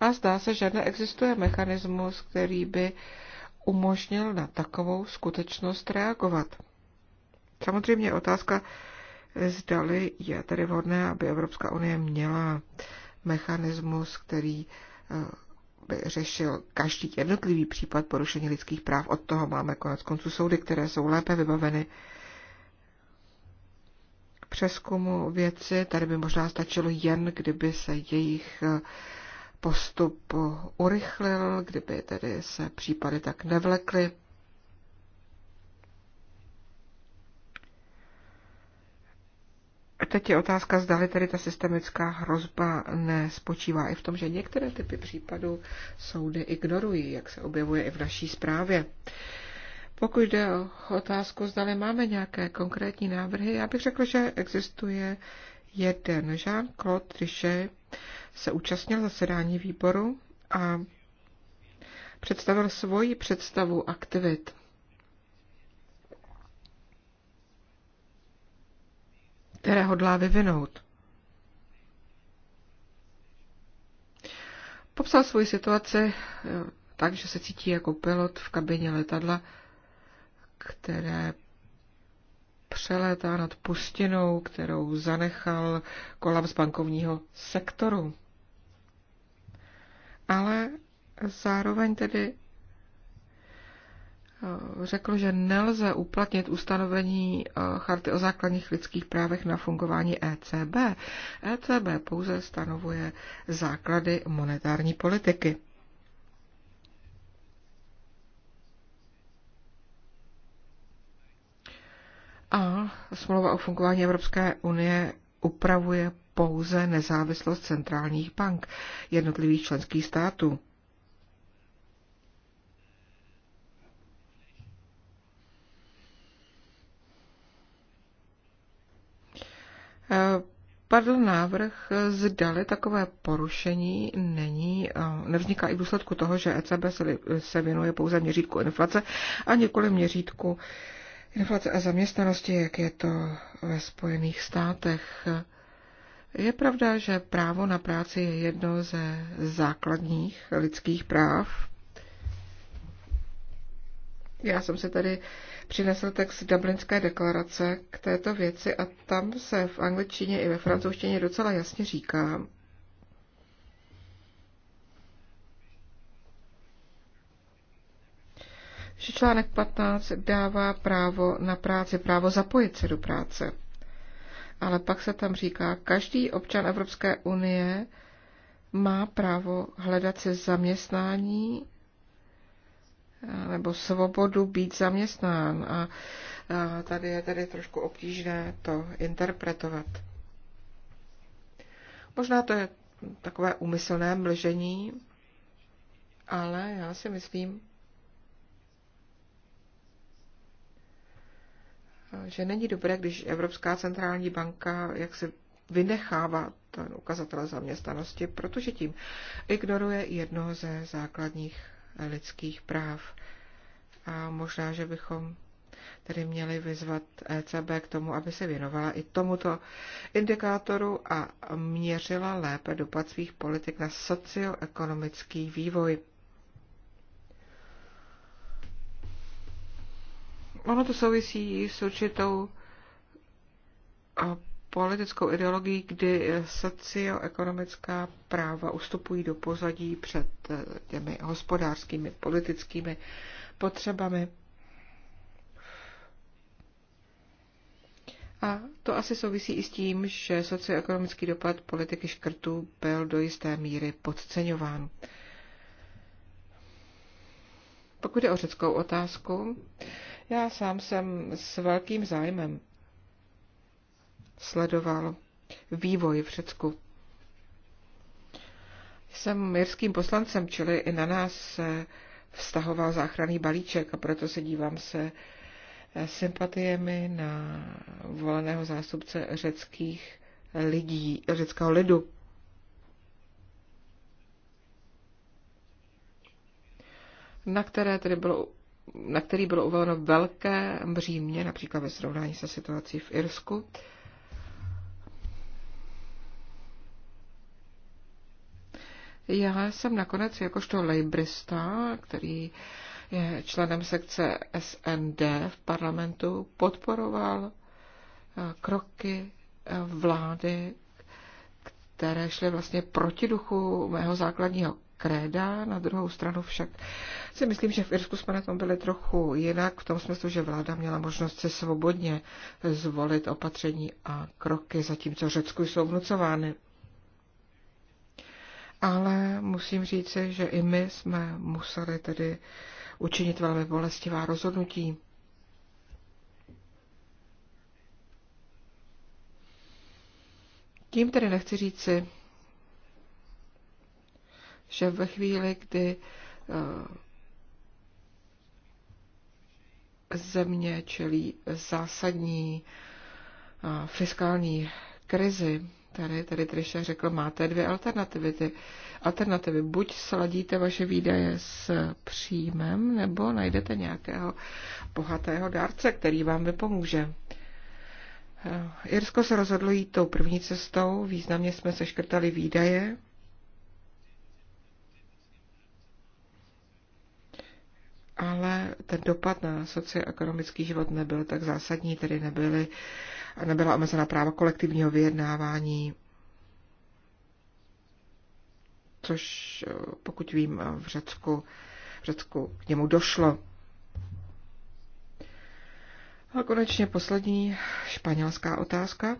A zdá se, že neexistuje mechanismus, který by umožnil na takovou skutečnost reagovat. Samozřejmě otázka, zdali je tedy vhodné, aby Evropská unie měla mechanismus, který eh, by řešil každý jednotlivý případ porušení lidských práv. Od toho máme konec konců soudy, které jsou lépe vybaveny přeskumu věci. Tady by možná stačilo jen, kdyby se jejich eh, postup eh, urychlil, kdyby tedy se případy tak nevlekly. Teď je otázka, zdali tedy ta systemická hrozba nespočívá i v tom, že některé typy případů soudy ignorují, jak se objevuje i v naší zprávě. Uh, pokud jde o otázku, zdali máme nějaké konkrétní návrhy, já bych řekl, že existuje jeden. Jean-Claude Trichet se účastnil zasedání výboru a představil svoji představu aktivit. které hodlá vyvinout. Popsal svoji situaci eh, tak, že se cítí jako pilot v kabině letadla, které přelétá nad pustinou, kterou zanechal kolaps bankovního sektoru. Ale zároveň tedy eh, řekl, že nelze uplatnit ustanovení eh, Charty o základních lidských právech na fungování ECB. ECB pouze stanovuje základy monetární politiky. A smlouva o fungování Evropské unie upravuje pouze nezávislost centrálních bank jednotlivých členských států. Padl návrh, zdali takové porušení není, eh, nevzniká i v důsledku toho, že ECB se věnuje pouze měřítku inflace a nikoli měřítku uh, inflace a zaměstnanosti, jak je to ve Spojených státech. Je pravda, že právo na práci je jedno ze základních lidských práv. Já jsem se tady přinesl text Dublinské deklarace k této věci a tam se v angličtině i ve francouzštině docela jasně říká, že článek 15 dává právo na práci, právo zapojit se do práce. Ale pak se tam říká, každý občan Evropské unie má právo hledat se zaměstnání eh, nebo svobodu být zaměstnán. A, a tady je tedy trošku obtížné to interpretovat. Možná to je takové úmyslné mlžení, ale já si myslím, že není dobré, když Evropská centrální banka jak se vynechává ten ukazatel zaměstnanosti, protože tím ignoruje jedno ze základních lidských práv. A možná, že bychom tedy měli vyzvat ECB k tomu, aby se věnovala i tomuto indikátoru a měřila lépe dopad svých politik na socioekonomický vývoj. Ono to souvisí s určitou politickou ideologií, kdy socioekonomická práva ustupují do pozadí před e, těmi hospodářskými, politickými potřebami. A to asi souvisí i s tím, že socioekonomický dopad politiky škrtů byl do jisté míry podceňován. Pokud je o řeckou otázku, já sám jsem s velkým zájmem sledoval vývoj v Řecku. Jsem jirským poslancem, čili i na nás se vztahoval záchranný balíček a proto se dívám se eh, sympatiemi na voleného zástupce řeckých lidí, řeckého lidu. na které tedy bylo na který bylo uvoleno velké břímě, například ve srovnání se situací v Irsku. Já jsem nakonec jakožto lejbrista, který je členem sekce SND v parlamentu, podporoval eh, kroky eh, vlády, které šly vlastně proti duchu mého základního kréda, na druhou stranu však si myslím, že v Irsku jsme na tom byli trochu jinak, v tom smyslu, že vláda měla možnost se svobodně zvolit opatření a kroky, zatímco Řecku jsou vnucovány. Ale musím říci, že i my jsme museli tedy učinit velmi bolestivá rozhodnutí. Tím tedy nechci říci, že ve chvíli, kdy eh, země čelí zásadní eh, fiskální krizi, tady, tady Trisha řekl, máte dvě alternativy. Ty alternativy, buď sladíte vaše výdaje s příjmem, nebo najdete nějakého bohatého dárce, který vám vypomůže. Eh, Irsko se rozhodlo jít tou první cestou, významně jsme seškrtali výdaje, ale ten dopad na socioekonomický život nebyl tak zásadní, tedy nebyly, nebyla omezena práva kolektivního vyjednávání, což pokud vím v Řecku, v Řecku k němu došlo. A konečně poslední španělská otázka.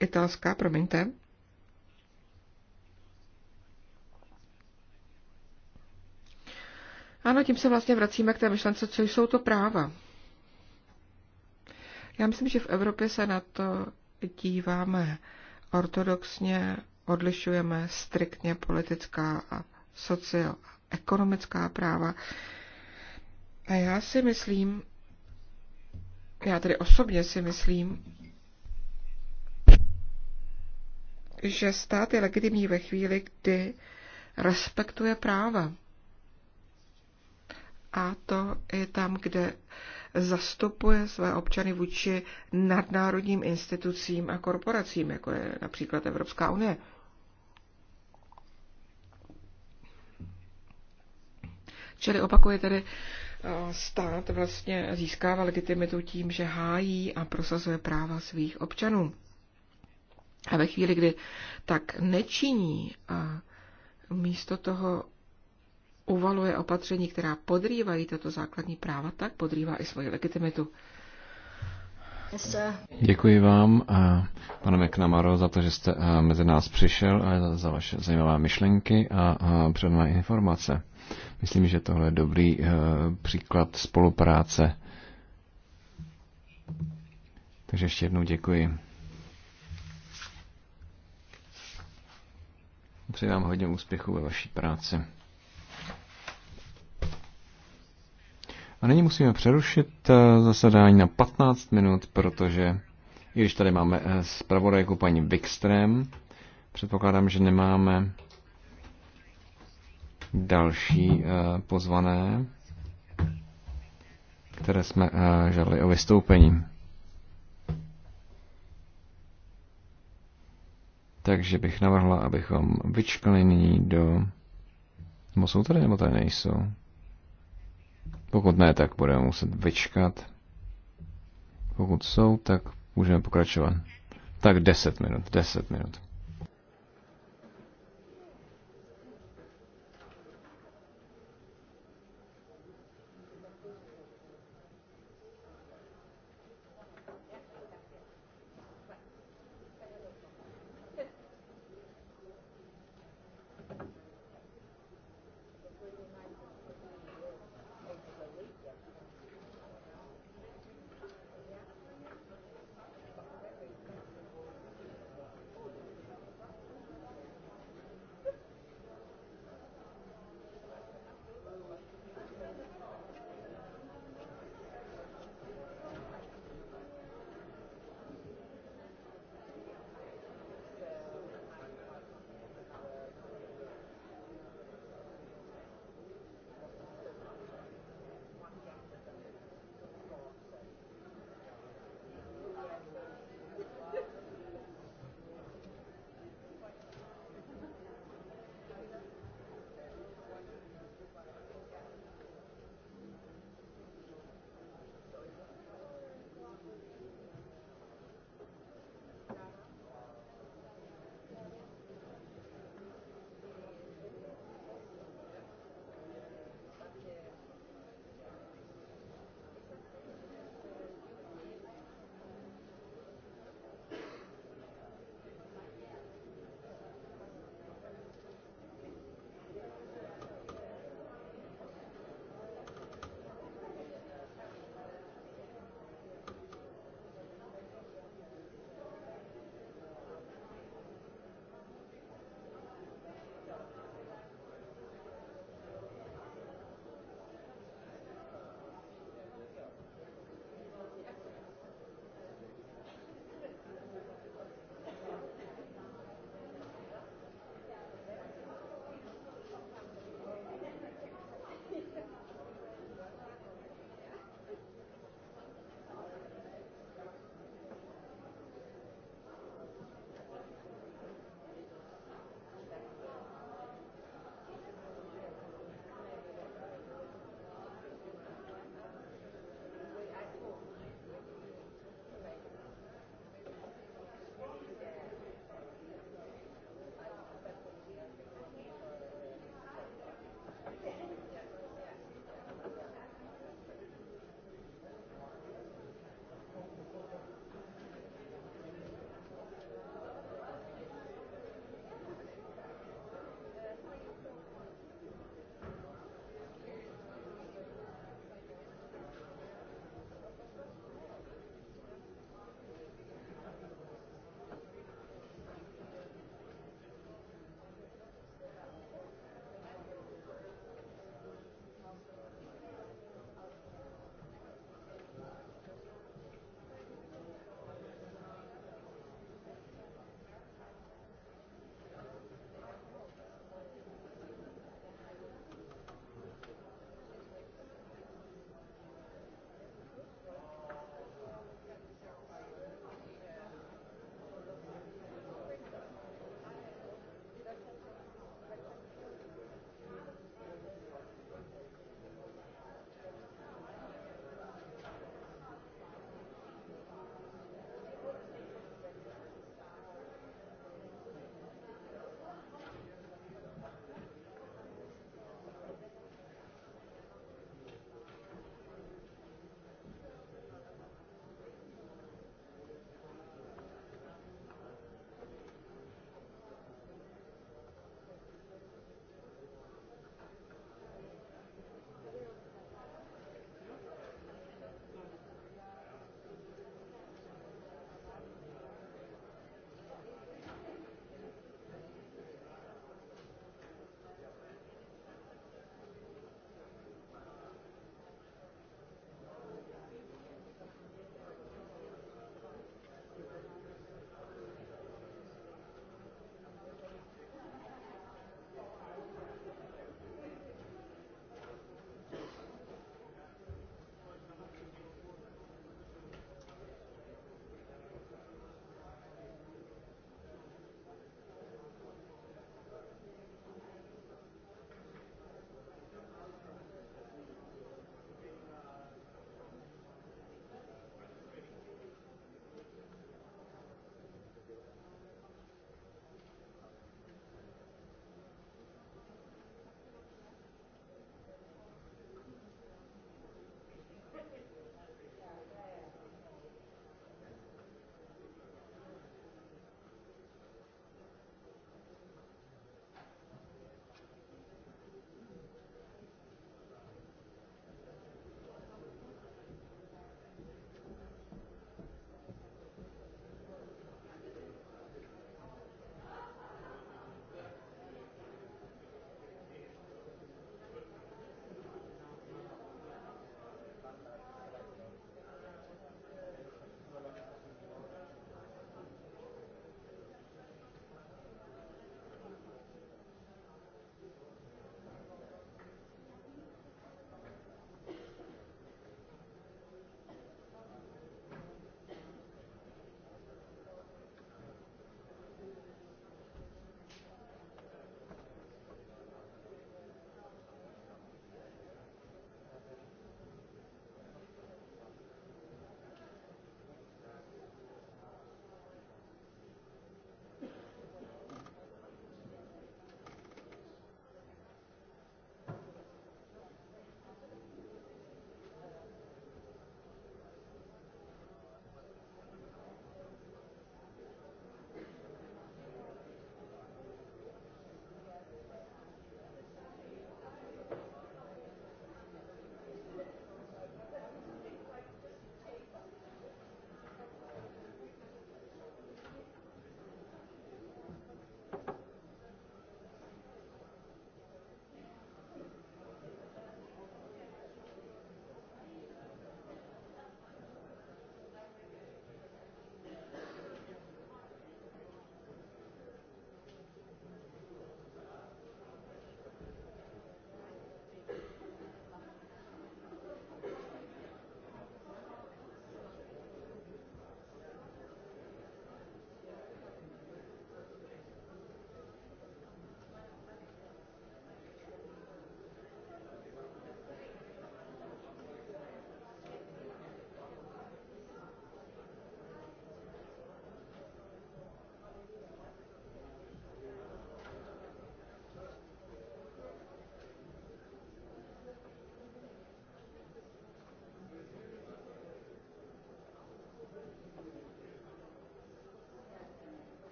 Italská, promiňte. Ano, tím se vlastně vracíme k té myšlence, co jsou to práva. Já myslím, že v Evropě se na to díváme ortodoxně, odlišujeme striktně politická a socioekonomická práva. A já si myslím, já tedy osobně si myslím, že stát je legitimní ve chvíli, kdy respektuje práva a to i tam, kde zastupuje své občany vůči nadnárodním institucím a korporacím, jako je například Evropská unie. Čili opakuje tedy, eh, stát vlastně získává legitimitu tím, že hájí a prosazuje práva svých občanů. A ve chvíli, kdy tak nečiní a místo toho uvaluje opatření, která podrývají tato základní práva, tak podrývá i svoji legitimitu. Děkuji vám, pane McNamaro, za to, že jste mezi nás přišel a za vaše zajímavé myšlenky a předané informace. Myslím, že tohle je dobrý e, příklad spolupráce. Takže ještě jednou děkuji. Přeji vám hodně úspěchu ve vaší práci. A nyní musíme přerušit eh, zasedání na 15 minut, protože i když tady máme eh, zpravodajku paní Wikström, předpokládám, že nemáme další eh, pozvané, které jsme žádali o vystoupení. Takže bych navrhla, abychom vyčkali nyní do... Nebo jsou tady, nebo tady nejsou? Pokud ne, tak budeme muset vyčkat. Pokud jsou, tak můžeme pokračovat. Tak 10 minut, 10 minut.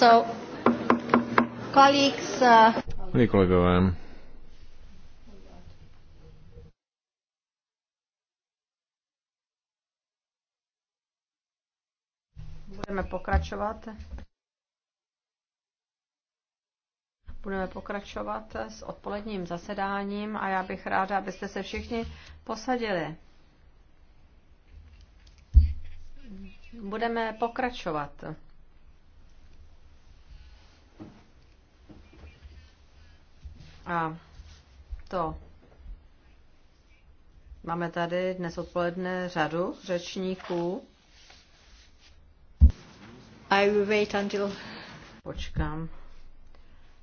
So, colleagues, uh... kolegové, budeme pokračovat. Budeme pokračovat s odpoledním zasedáním a já bych ráda, abyste se všichni posadili. Budeme pokračovat. A to máme tady dnes odpoledne řadu řečníků. I will wait until... Počkám,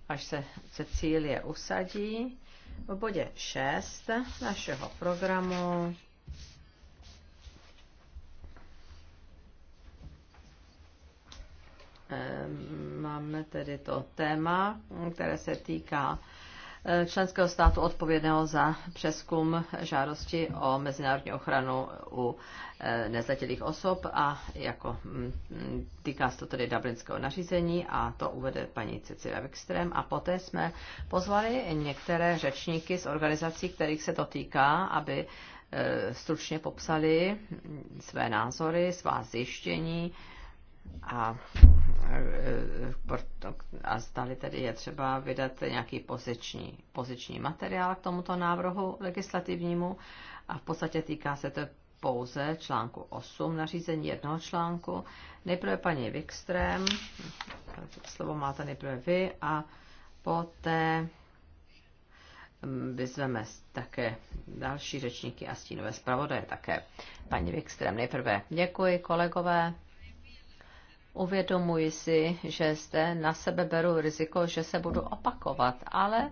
až se Cecílie usadí. V bodě 6 našeho programu ehm, máme tedy to téma, které se týká členského státu odpovědného za přeskum žádosti o mezinárodní ochranu u eh, nezletilých osob a jako mm, mm, týká se to tedy dublinského nařízení a to uvede paní Cecilia Wikström a poté jsme pozvali některé řečníky z organizací, kterých se to týká, aby eh, stručně popsali mm, své názory, svá zjištění, a, e, e, a zdali tedy je třeba vydat nějaký poziční, poziční materiál k tomuto návrhu legislativnímu a v podstatě týká se to pouze článku 8, nařízení jednoho článku. Nejprve paní Wikström, slovo máte nejprve vy a poté vyzveme také další řečníky a stínové zpravodaje také. Paní Wikström, nejprve děkuji kolegové uvědomuji si, že zde na sebe beru riziko, že se budu opakovat, ale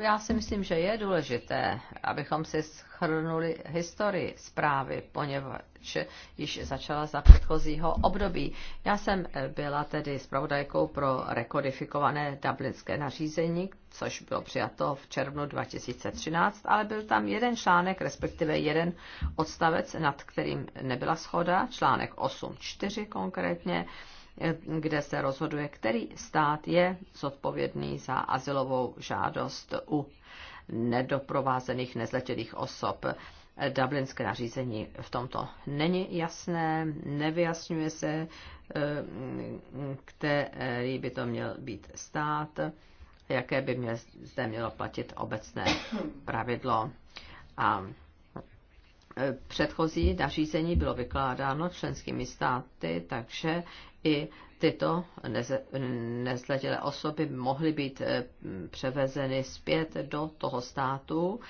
já si myslím, že je důležité, abychom si schrnuli historii zprávy, poněvadž již začala za předchozího období. Já jsem byla tedy zpravodajkou pro rekodifikované dublinské nařízení, což bylo přijato v červnu 2013, ale byl tam jeden článek, respektive jeden odstavec, nad kterým nebyla schoda, článek 8.4 konkrétně, kde se rozhoduje, který stát je zodpovědný za asilovou žádost u nedoprovázených nezletělých osob. Dublinské nařízení v tomto není jasné, nevyjasňuje se, který by to měl být stát, jaké by mě zde mělo platit obecné pravidlo. A Eh, předchozí nařízení bylo vykládáno členskými státy, takže i tyto nezletilé osoby mohly být eh, převezeny zpět do toho státu,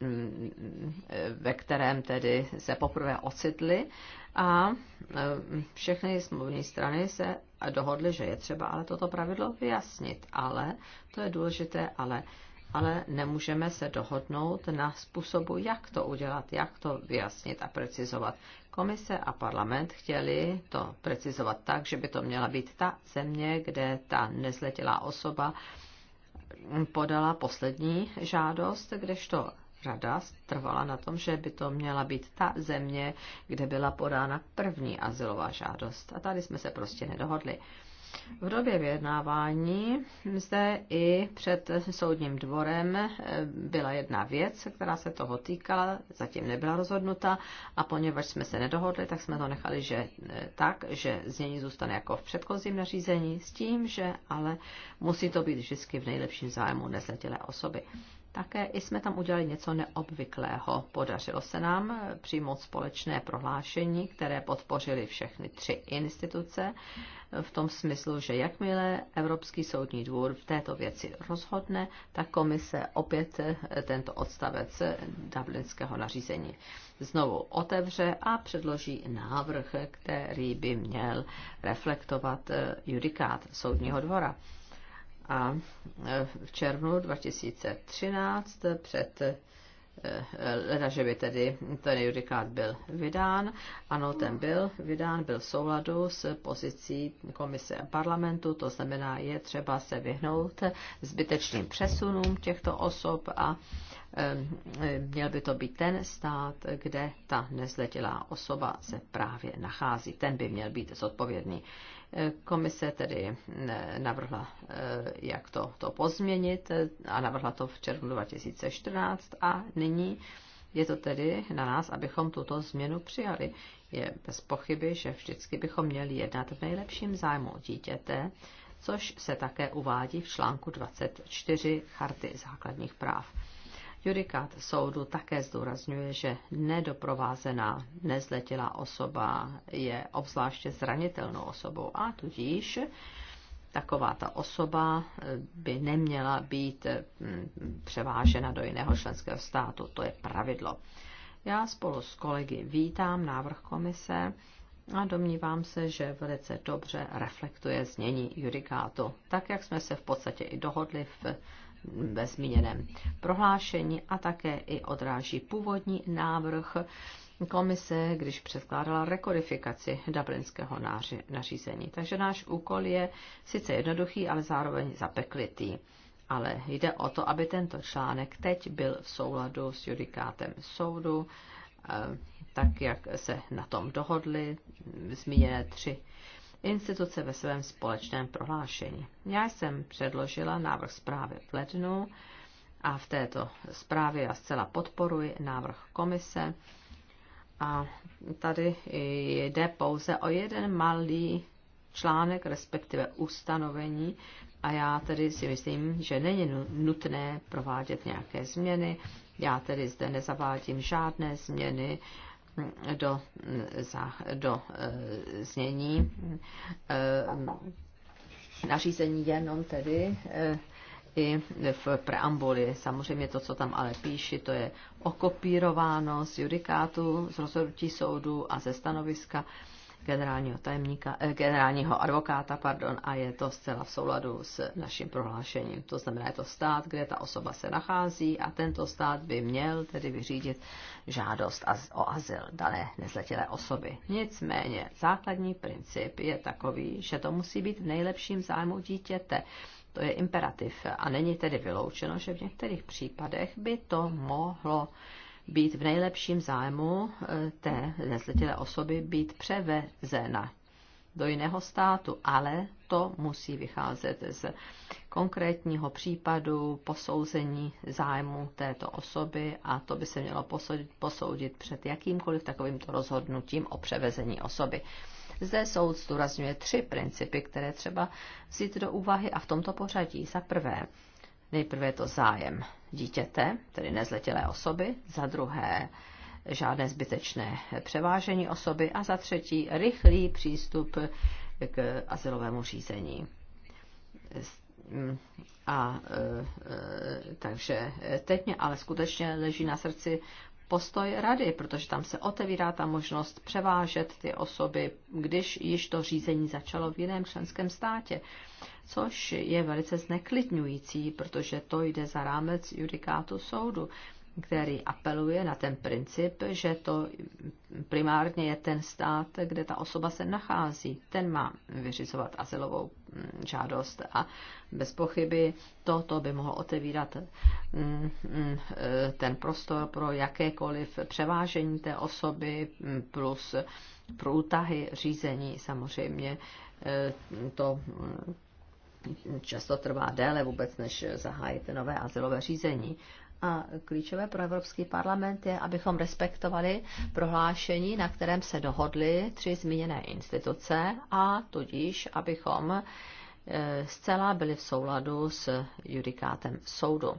mm, ve kterém tedy se poprvé ocitly a eh, všechny smluvní strany se dohodly, že je třeba ale toto pravidlo vyjasnit, ale to je důležité, ale ale nemůžeme se dohodnout na způsobu, jak to udělat, jak to vyjasnit a precizovat. Komise a parlament chtěli to precizovat tak, že by to měla být ta země, kde ta nezletilá osoba podala poslední žádost, kdežto rada trvala na tom, že by to měla být ta země, kde byla podána první asilová žádost. A tady jsme se prostě nedohodli. V době vyjednávání zde i před soudním dvorem eh, byla jedna věc, která se toho týkala, zatím nebyla rozhodnuta a poněvadž jsme se nedohodli, tak jsme to nechali že, eh, tak, že znění zůstane jako v předchozím nařízení s tím, že ale musí to být vždycky v nejlepším zájmu nezletilé osoby. Také jsme tam udělali něco neobvyklého. Podařilo se nám eh, přijmout společné prohlášení, které podpořili všechny tři instituce eh, v tom smyslu, že jakmile Evropský soudní dvůr v této věci rozhodne, tak komise opět eh, tento odstavec dublinského nařízení znovu otevře a předloží návrh, který by měl reflektovat judikát soudního dvora. A e, v červnu 2013 před e, leda, že by tedy ten judikát byl vydán. Ano, ten byl vydán, byl v souladu s pozicí komise a parlamentu, to znamená, je třeba se vyhnout zbytečným přesunům těchto osob a e, měl by to být ten stát, kde ta nezletilá osoba se právě nachází. Ten by měl být zodpovědný. Komise tedy eh, navrhla, eh, jak to, to pozměnit eh, a navrhla to v červnu 2014 a nyní je to tedy na nás, abychom tuto změnu přijali. Je bez pochyby, že vždycky bychom měli jednat v nejlepším zájmu dítěte, což se také uvádí v článku 24 Charty základních práv. Judikát soudu také zdůrazňuje, že nedoprovázená nezletilá osoba je obzvláště zranitelnou osobou a tudíž taková ta osoba by neměla být mm, převážena do jiného členského státu. To je pravidlo. Já spolu s kolegy vítám návrh komise a domnívám se, že velice dobře reflektuje znění judikátu, tak jak jsme se v podstatě i dohodli v ve zmíněném prohlášení a také i odráží původní návrh komise, když předkládala rekodifikaci dublinského nařízení. Takže náš úkol je sice jednoduchý, ale zároveň zapeklitý. Ale jde o to, aby tento článek teď byl v souladu s judikátem soudu, eh, tak jak se na tom dohodli zmíněné tři instituce ve svém společném prohlášení. Já jsem předložila návrh zprávy v lednu a v této zprávě já zcela podporuji návrh komise. A tady jde pouze o jeden malý článek, respektive ustanovení, a já tedy si myslím, že není nutné provádět nějaké změny. Já tedy zde nezavádím žádné změny do, do eh, znění eh, nařízení jenom tedy eh, i v preambuli. Samozřejmě to, co tam ale píši, to je okopírováno z judikátu, z rozhodnutí soudu a ze stanoviska generálního tajemníka, eh, generálního advokáta, pardon, a je to zcela v souladu s naším prohlášením. To znamená, je to stát, kde ta osoba se nachází a tento stát by měl tedy vyřídit žádost o azyl dané nezletilé osoby. Nicméně základní princip je takový, že to musí být v nejlepším zájmu dítěte. To je imperativ a není tedy vyloučeno, že v některých případech by to mohlo být v nejlepším zájmu eh, té nezletilé osoby být převezena do jiného státu, ale to musí vycházet z konkrétního případu posouzení zájmu této osoby a to by se mělo posoudit, posoudit před jakýmkoliv takovýmto rozhodnutím o převezení osoby. Zde soud zdůrazňuje tři principy, které třeba vzít do úvahy a v tomto pořadí. Za prvé, Nejprve je to zájem dítěte, tedy nezletělé osoby, za druhé žádné zbytečné převážení osoby a za třetí rychlý přístup k asilovému řízení. Mm, a e, e, takže teď mě ale skutečně leží na srdci postoj rady, protože tam se otevírá ta možnost převážet ty osoby, když již to řízení začalo v jiném členském státě, což je velice zneklidňující, protože to jde za rámec judikátu soudu který apeluje na ten princip, že to primárně je ten stát, kde ta osoba se nachází. Ten má vyřizovat asilovou mm, žádost a bez pochyby toto by mohlo otevírat mm, mm, e, ten prostor pro jakékoliv převážení té osoby plus průtahy řízení. Samozřejmě e, to často trvá déle vůbec, než zahájit nové asilové řízení. A klíčové pro Evropský parlament je, abychom respektovali prohlášení, na kterém se dohodly tři zmíněné instituce a tudíž, abychom e, zcela byli v souladu s judikátem soudu.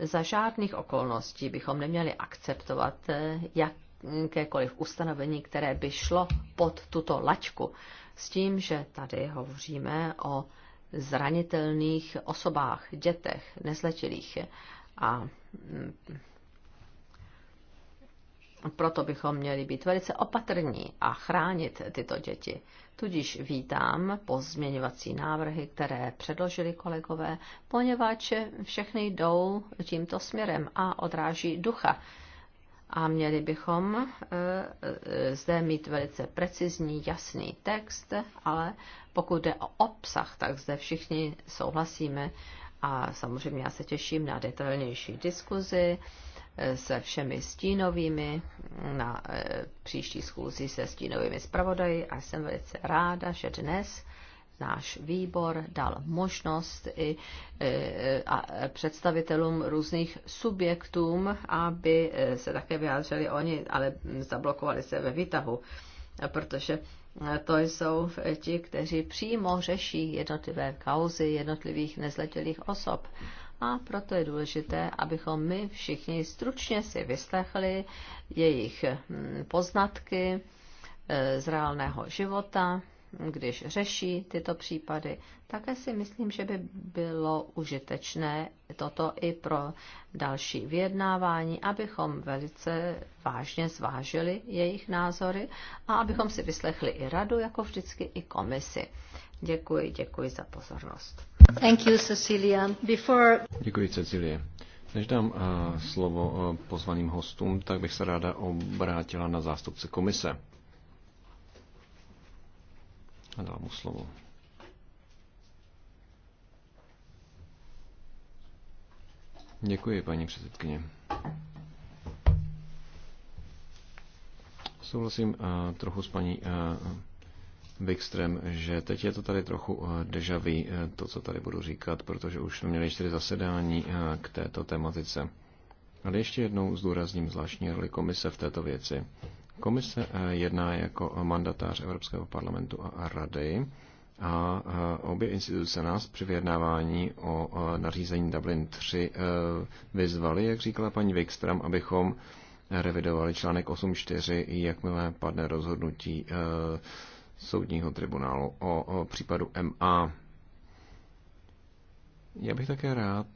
Za žádných okolností bychom neměli akceptovat e, jakékoliv ustanovení, které by šlo pod tuto lačku, s tím, že tady hovoříme o zranitelných osobách, dětech, nezletilých. A mm, proto bychom měli být velice opatrní a chránit tyto děti. Tudíž vítám pozměňovací návrhy, které předložili kolegové, poněvadž všechny jdou tímto směrem a odráží ducha. A měli bychom e, e, zde mít velice precizní, jasný text, ale pokud jde o obsah, tak zde všichni souhlasíme a samozřejmě já se těším na detailnější diskuzi eh, se všemi stínovými mm, na eh, příští schůzi se stínovými zpravodaji a jsem velice ráda, že dnes náš výbor dal možnost i eh, představitelům různých subjektům, aby se také vyjádřili oni, ale mm, zablokovali se ve výtahu, protože to jsou ti, kteří přímo řeší jednotlivé kauzy jednotlivých nezletělých osob. A proto je důležité, abychom my všichni stručně si vyslechli jejich hm, poznatky eh, z reálného života když řeší tyto případy, také si myslím, že by bylo užitečné toto i pro další vyjednávání, abychom velice vážně zvážili jejich názory a abychom si vyslechli i radu, jako vždycky, i komisi. Děkuji, děkuji za pozornost. Thank you, Cecilia. Before... Děkuji, Cecilie. Než dám eh, slovo eh, pozvaným hostům, tak bych se ráda obrátila na zástupce komise a dám mu slovo. Děkuji, paní předsedkyně. Souhlasím a, eh, trochu s paní uh, že teď je to tady trochu uh, eh, dejaví, to, co tady budu říkat, protože už jsme měli čtyři zasedání k této tematice. Ale ještě jednou zdůrazním zvláštní roli komise v této věci Komise eh, jedná jako mandatář Evropského parlamentu a Rady a eh, obě instituce nás při vyjednávání o eh, nařízení Dublin 3 vyzvali, jak říkala paní Wikström, abychom revidovali článek 8.4, jakmile padne rozhodnutí soudního tribunálu o případu MA. Já bych také rád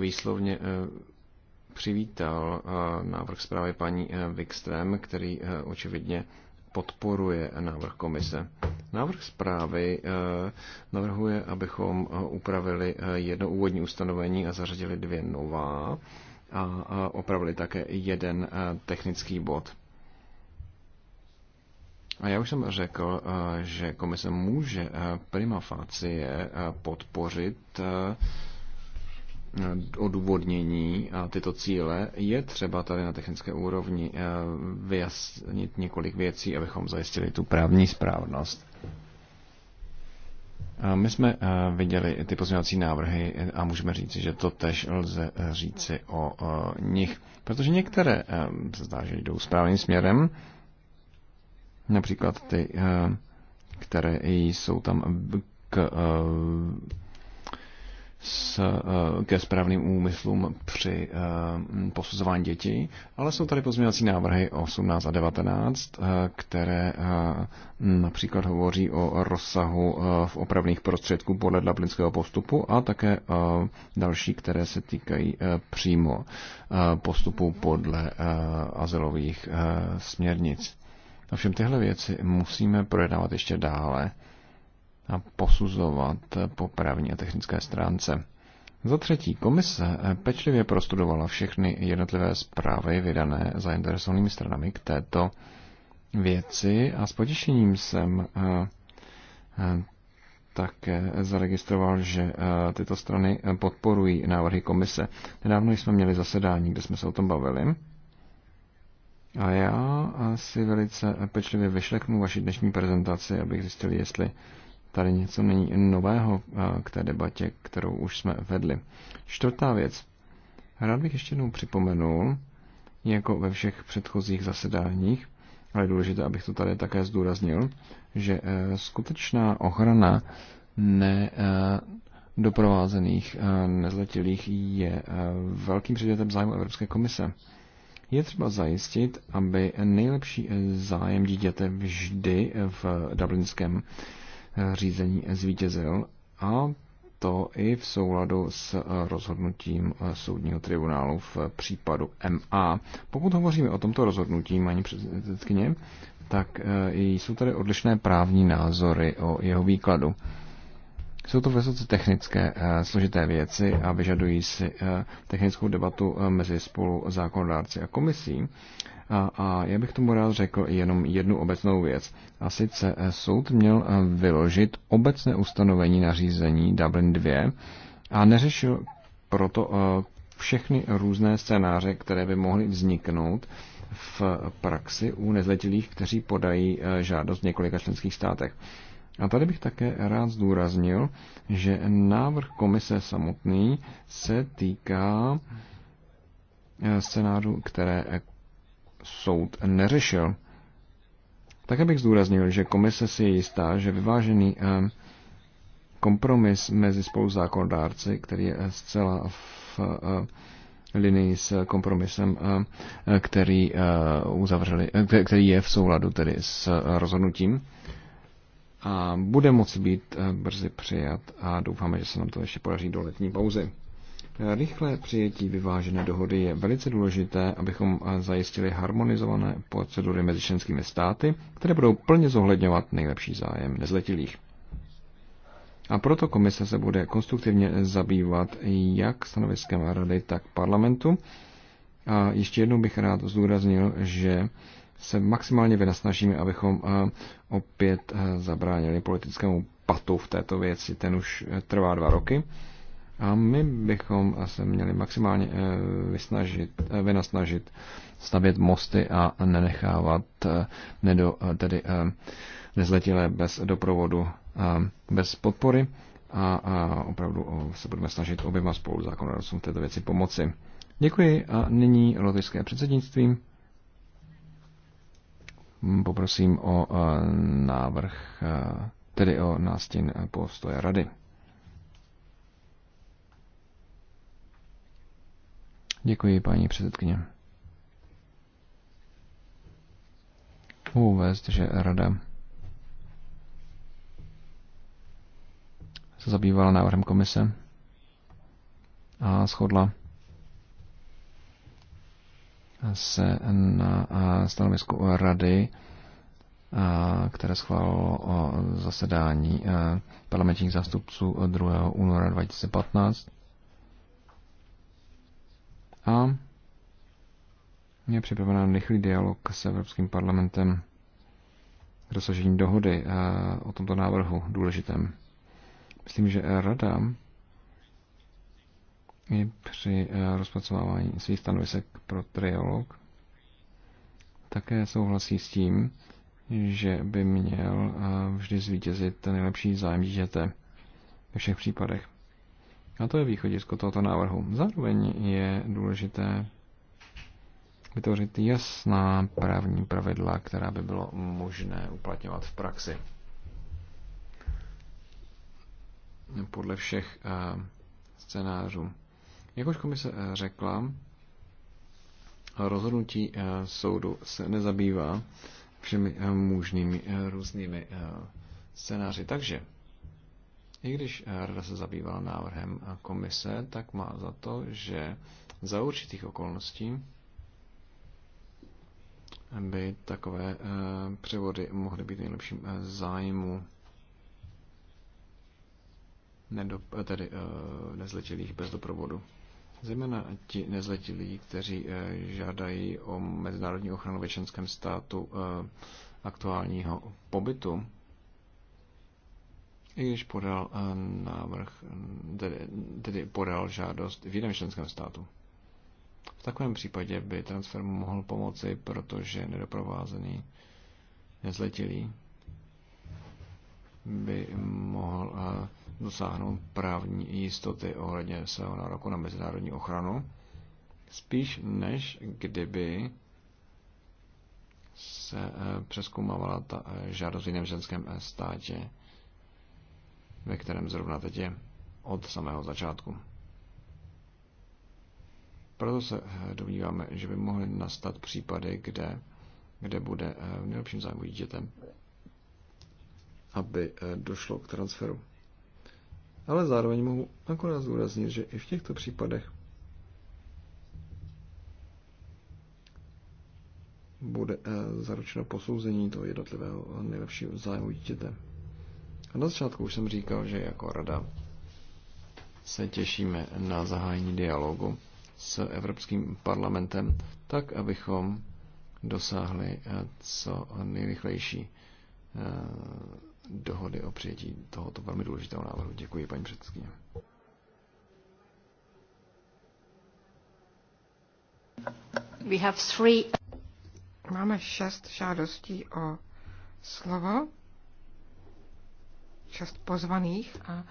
výslovně přivítal eh, návrh zprávy paní eh, Wikström, který eh, očividně podporuje návrh komise. Návrh zprávy navrhuje, abychom upravili jedno úvodní ustanovení a zařadili dvě nová a opravili také jeden technický bod. A já už jsem řekl, že komise může prima facie podpořit Eh, odůvodnění a tyto cíle, je třeba tady na technické úrovni eh, vyjasnit několik věcí, abychom zajistili tu právní správnost. My jsme eh, viděli ty pozměňovací návrhy a můžeme říci, že to tež lze říci o nich, protože některé se zdá, že jdou správným směrem, například ty, které jsou tam k s, eh, ke správným úmyslům při eh, posuzování dětí, ale jsou tady pozměňovací návrhy 18 a 19, eh, které například hovoří o rozsahu v opravných prostředků podle dublinského postupu a také další, které se týkají přímo postupu podle azylových směrnic. Ovšem tyhle věci musíme projednávat ještě dále a posuzovat po právní a technické stránce. Za třetí, komise pečlivě prostudovala všechny jednotlivé zprávy vydané zainteresovanými stranami k této věci a s potěšením jsem eh, eh, také zaregistroval, že eh, tyto strany podporují návrhy komise. Nedávno jsme měli zasedání, kde jsme se o tom bavili. A já si velice pečlivě vyšleknu vaši dnešní prezentaci, abych zjistil, jestli Tady něco není nového eh, k té debatě, kterou už jsme vedli. Čtvrtá věc. Rád bych ještě jednou připomenul, jako ve všech předchozích zasedáních, ale je důležité, abych to tady také zdůraznil, že eh, skutečná ochrana ne eh, doprovázených nezletilých je velkým předmětem zájmu Evropské komise. Je třeba zajistit, aby nejlepší zájem dítěte vždy v dublinském řízení zvítězil a to i v souladu s eh, rozhodnutím eh, soudního tribunálu v eh, případu MA. Pokud hovoříme o tomto rozhodnutí, paní předsedkyně, tak jsou tady odlišné právní názory o jeho výkladu. Jsou to vysoce technické, složité věci a vyžadují si technickou debatu mezi spolu zákonodárci a komisí. A, a já bych tomu rád řekl jenom jednu obecnou věc. A sice eh, soud měl eh, vyložit obecné ustanovení nařízení Dublin 2 a neřešil proto eh, všechny různé scénáře, které by mohly vzniknout v praxi u nezletilých, kteří podají žádost v několika členských státech. A tady bych také rád zdůraznil, že návrh komise samotný se týká scénářů, které soud neřešil. Také bych zdůraznil, že komise si je jistá, že vyvážený eh, kompromis mezi spoluzákonodárci, který je eh, zcela v eh, linii s kompromisem, který, uzavřeli, který je v souladu tedy s rozhodnutím, a bude moci být brzy přijat a doufáme, že se nám to ještě podaří do letní pauzy. Rychlé přijetí vyvážené dohody je velice důležité, abychom eh, zajistili harmonizované procedury mezi členskými státy, které budou plně zohledňovat nejlepší zájem nezletilých. A proto komise se bude konstruktivně zabývat jak stanoviskem rady, tak parlamentu. A ještě jednou bych rád zdůraznil, že se maximálně vynasnažíme, abychom eh, opět eh, zabránili politickému patu v této věci. Ten už trvá dva roky. A my bychom se měli maximálně eh, vysnažit, eh, vynasnažit stavět mosty a nenechávat eh, nedo, tedy nezletilé bez doprovodu, bez podpory. A, opravdu se budeme snažit oběma spolu zákonodárcům v této věci pomoci. Děkuji a nyní lotyšské předsednictví. Poprosím o návrh, tedy o nástin postoje rady. Děkuji, paní předsedkyně. Uvést, že rada se zabývala návrhem komise a shodla se na stanovisku rady, které schválilo zasedání parlamentních zástupců 2. února 2015 a je připravená rychlý dialog s Evropským parlamentem k dosažení dohody eh, o tomto návrhu důležitém. Myslím, že Rada i při eh, rozpracovávání svých stanovisek pro trialog také souhlasí s tím, že by měl eh, vždy zvítězit ten nejlepší zájem dítěte ve všech případech. A to je východisko tohoto návrhu. Zároveň je důležité vytvořit jasná právní pravidla, která by bylo možné uplatňovat v praxi. Podle všech eh, scénářů. Jakož komise eh, řekla, rozhodnutí eh, soudu se nezabývá všemi možnými různými scénáři. Takže i když rada se zabývala návrhem komise, tak má za to, že za určitých okolností by takové eh, převody mohly být nejlepším eh, zájmu nedop, eh, tedy nezletilých bez doprovodu. Zejména ti nezletilí, kteří žádají o mezinárodní ochranu ve členském státu aktuálního pobytu, i když podal eh, návrh, tedy, tedy podal žádost v jiném členském státu. V takovém případě by transfer mohl pomoci, protože nedoprovázený nezletilý by mohl eh, dosáhnout právní jistoty ohledně svého nároku na mezinárodní ochranu, spíš než kdyby se eh, přeskoumávala ta žádost v jiném ženském státě ve kterém zrovna teď je od samého začátku. Proto se eh, domníváme, že by mohly nastat případy, kde, kde bude eh, v nejlepším zájmu dítětem, aby eh, došlo k transferu. Ale zároveň mohu akorát zúraznit, že i v těchto případech bude zaručeno posouzení toho jednotlivého nejlepšího zájmu dítěte. A na začátku už jsem říkal, že jako rada se těšíme na zahájení dialogu s Evropským parlamentem, tak abychom dosáhli eh, co nejrychlejší eh, dohody o přijetí tohoto velmi důležitého návrhu. Děkuji, paní předsedkyně. We have three... Máme šest žádostí o slovo čas pozvaných a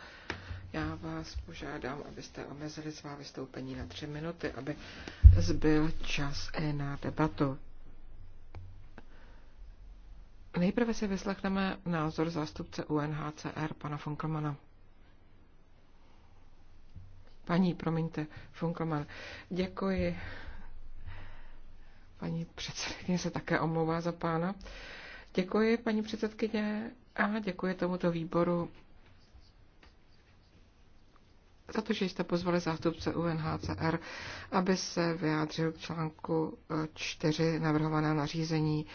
já vás požádám, abyste omezili svá vystoupení na tři minuty, aby zbyl čas i na debatu. Nejprve si vyslechneme názor zástupce UNHCR, pana Funkelmana. Paní, promiňte, Funkelman. Děkuji. Paní předsedkyně se také omlouvá za pána. Děkuji, paní předsedkyně. A děkuji tomuto výboru za to, že jste pozvali zástupce UNHCR, aby se vyjádřil k článku 4 eh, navrhovaného nařízení.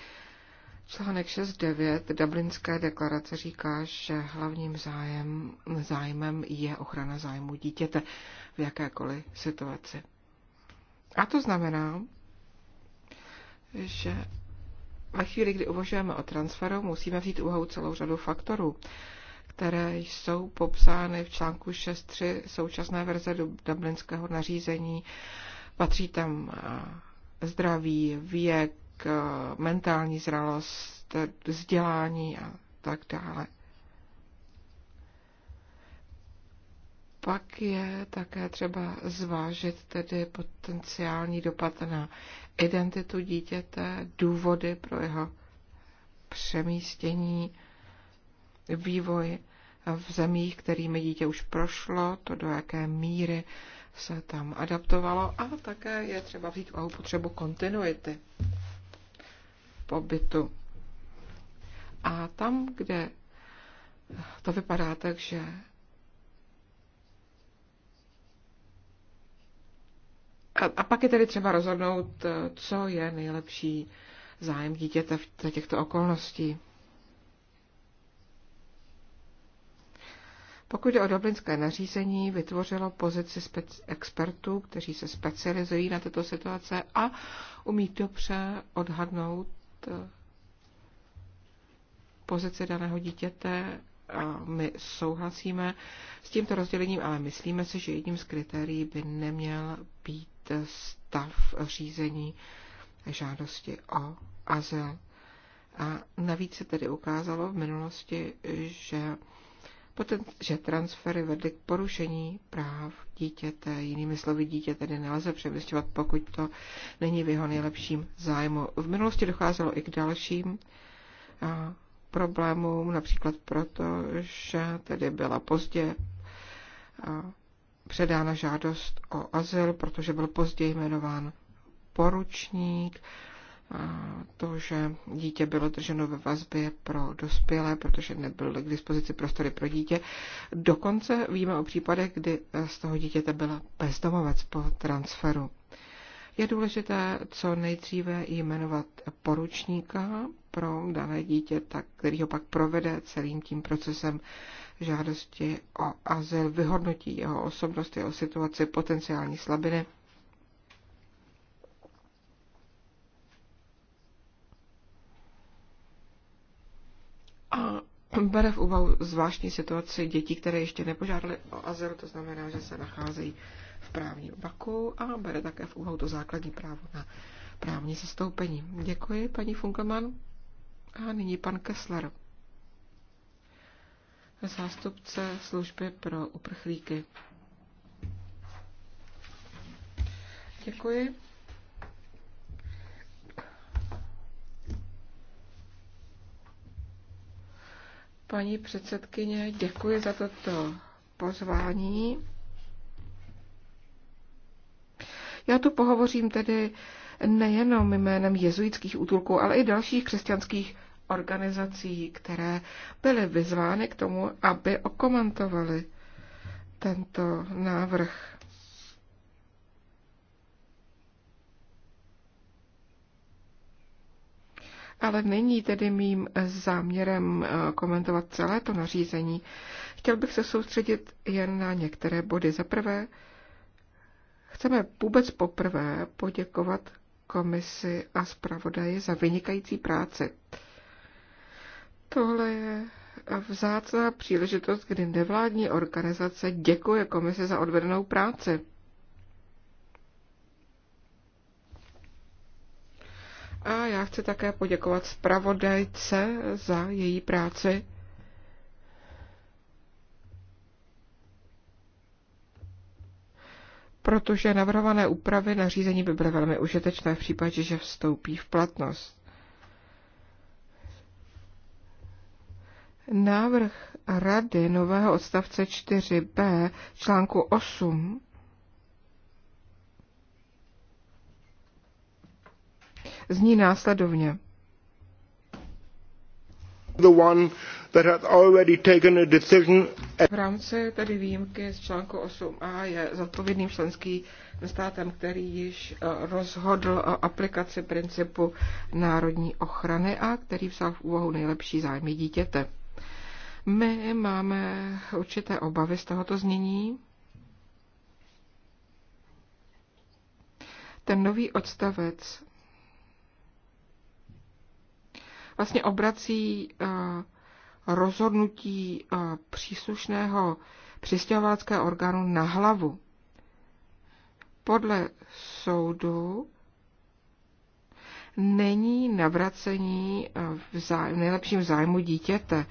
Článek 6.9 Dublinské deklarace říká, že hlavním zájem, zájmem je ochrana zájmu dítěte v jakékoliv situaci. A to znamená, že ve chvíli, kdy uvažujeme o transferu, musíme vzít úhou celou řadu faktorů, které jsou popsány v článku 6.3 současné verze dublinského nařízení. Patří tam eh, zdraví, věk, eh, mentální zralost, vzdělání a tak dále. Pak je také třeba zvážit tedy potenciální dopad na identitu dítěte, důvody pro jeho přemístění, vývoj v zemích, kterými dítě už prošlo, to do jaké míry se tam adaptovalo a také je třeba vzít v potřebu kontinuity pobytu. A tam, kde to vypadá tak, že A, a pak je tedy třeba rozhodnout, eh, co je nejlepší zájem dítěte v těchto okolností. Pokud jde o dublinské nařízení, vytvořilo pozici expertů, kteří se specializují na tyto situace a umí dobře odhadnout eh, pozici daného dítěte. A my souhlasíme s tímto rozdělením, ale myslíme si, že jedním z kritérií by neměl být stav řízení žádosti o azyl. A navíc se tedy ukázalo v minulosti, že, poten, že transfery vedly k porušení práv dítěte. Jinými slovy, dítě tedy nelze přemysťovat, pokud to není v jeho nejlepším zájmu. V minulosti docházelo i k dalším problémům, například proto, že tedy byla pozdě předána žádost o azyl, protože byl později jmenován poručník, to, že dítě bylo drženo ve vazbě pro dospělé, protože nebyl k dispozici prostory pro dítě. Dokonce víme o případech, kdy z toho dítěte byl bezdomovec po transferu. Je důležité co nejdříve jmenovat poručníka pro dané dítě, tak, který ho pak provede celým tím procesem žádosti o azyl, vyhodnotí jeho osobnost, jeho situaci, potenciální slabiny. A bere v úvahu zvláštní situaci dětí, které ještě nepožádaly o azyl, to znamená, že se nacházejí v právním baku a bere také v úvahu to základní právo na právní zastoupení. Děkuji, paní Funkelman. A nyní pan Kessler zástupce služby pro uprchlíky. Děkuji. Paní předsedkyně, děkuji za toto pozvání. Já tu pohovořím tedy nejenom jménem jezuitských útulků, ale i dalších křesťanských organizací, které byly vyzvány k tomu, aby okomentovali tento návrh. Ale není tedy mým záměrem eh, komentovat celé to nařízení. Chtěl bych se soustředit jen na některé body. Za prvé, chceme vůbec poprvé poděkovat komisi a zpravodaji za vynikající práci. Tohle je vzácná příležitost, kdy nevládní organizace děkuje komise za odvedenou práci. A já chci také poděkovat zpravodajce za její práci. protože navrhované úpravy nařízení by byly velmi užitečné v případě, že vstoupí v platnost. Návrh rady nového odstavce 4b článku 8 zní následovně. The one that had already taken a decision. V rámci tedy výjimky z článku 8a je zodpovědným členským státem, který již eh, rozhodl o aplikaci principu národní ochrany a který vzal v úvahu nejlepší zájmy dítěte. My máme určité obavy z tohoto znění. Ten nový odstavec vlastně obrací eh, rozhodnutí eh, příslušného přistěhovalského orgánu na hlavu. Podle soudu není navracení eh, v, zájmu, v nejlepším zájmu dítěte.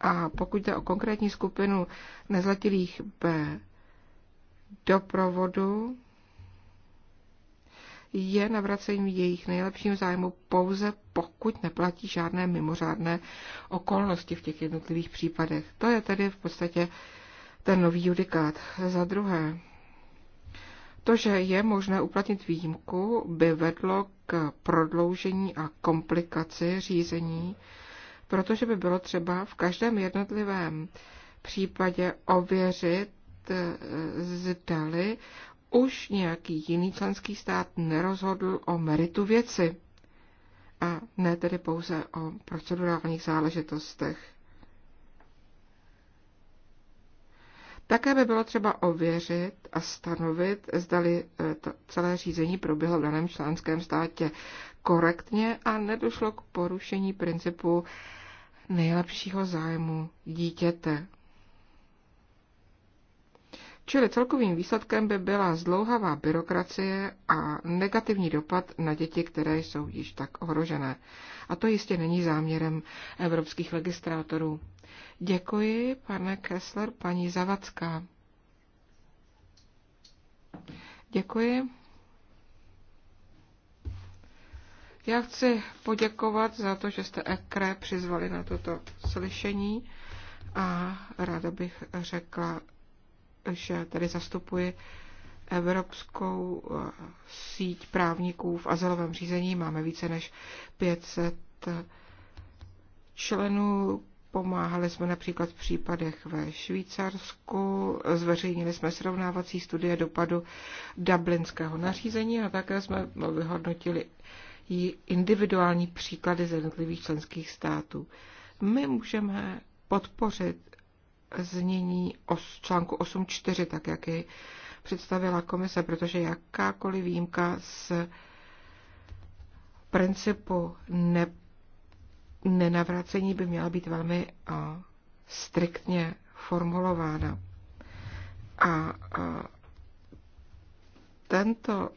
A pokud jde o konkrétní skupinu nezletilých B doprovodu, je navracení v jejich nejlepším zájmu pouze pokud neplatí žádné mimořádné okolnosti v těch jednotlivých případech. To je tedy v podstatě ten nový judikát. Za druhé, to, že je možné uplatnit výjimku, by vedlo k prodloužení a komplikaci řízení protože by bylo třeba v každém jednotlivém případě ověřit, eh, zdali už nějaký jiný členský stát nerozhodl o meritu věci a ne tedy pouze o procedurálních záležitostech. Také by bylo třeba ověřit a stanovit, zdali eh, to celé řízení proběhlo v daném členském státě korektně a nedošlo k porušení principu nejlepšího zájmu dítěte. Čili celkovým výsledkem by byla zdlouhavá byrokracie a negativní dopad na děti, které jsou již tak ohrožené. A to jistě není záměrem evropských legislátorů. Děkuji, pane Kessler, paní Zavacká. Děkuji. Já chci poděkovat za to, že jste EKRE přizvali na toto slyšení a ráda bych řekla, že tady zastupuji Evropskou eh, síť právníků v azylovém řízení. Máme více než 500 eh, členů. Pomáhali jsme například v případech ve Švýcarsku, zveřejnili jsme srovnávací studie dopadu dublinského nařízení a také jsme vyhodnotili i individuální příklady z jednotlivých členských států. My můžeme podpořit znění os, článku 8.4, tak jak je představila komise, protože jakákoliv výjimka z principu ne, nenavracení by měla být velmi a, striktně formulována. A, a tento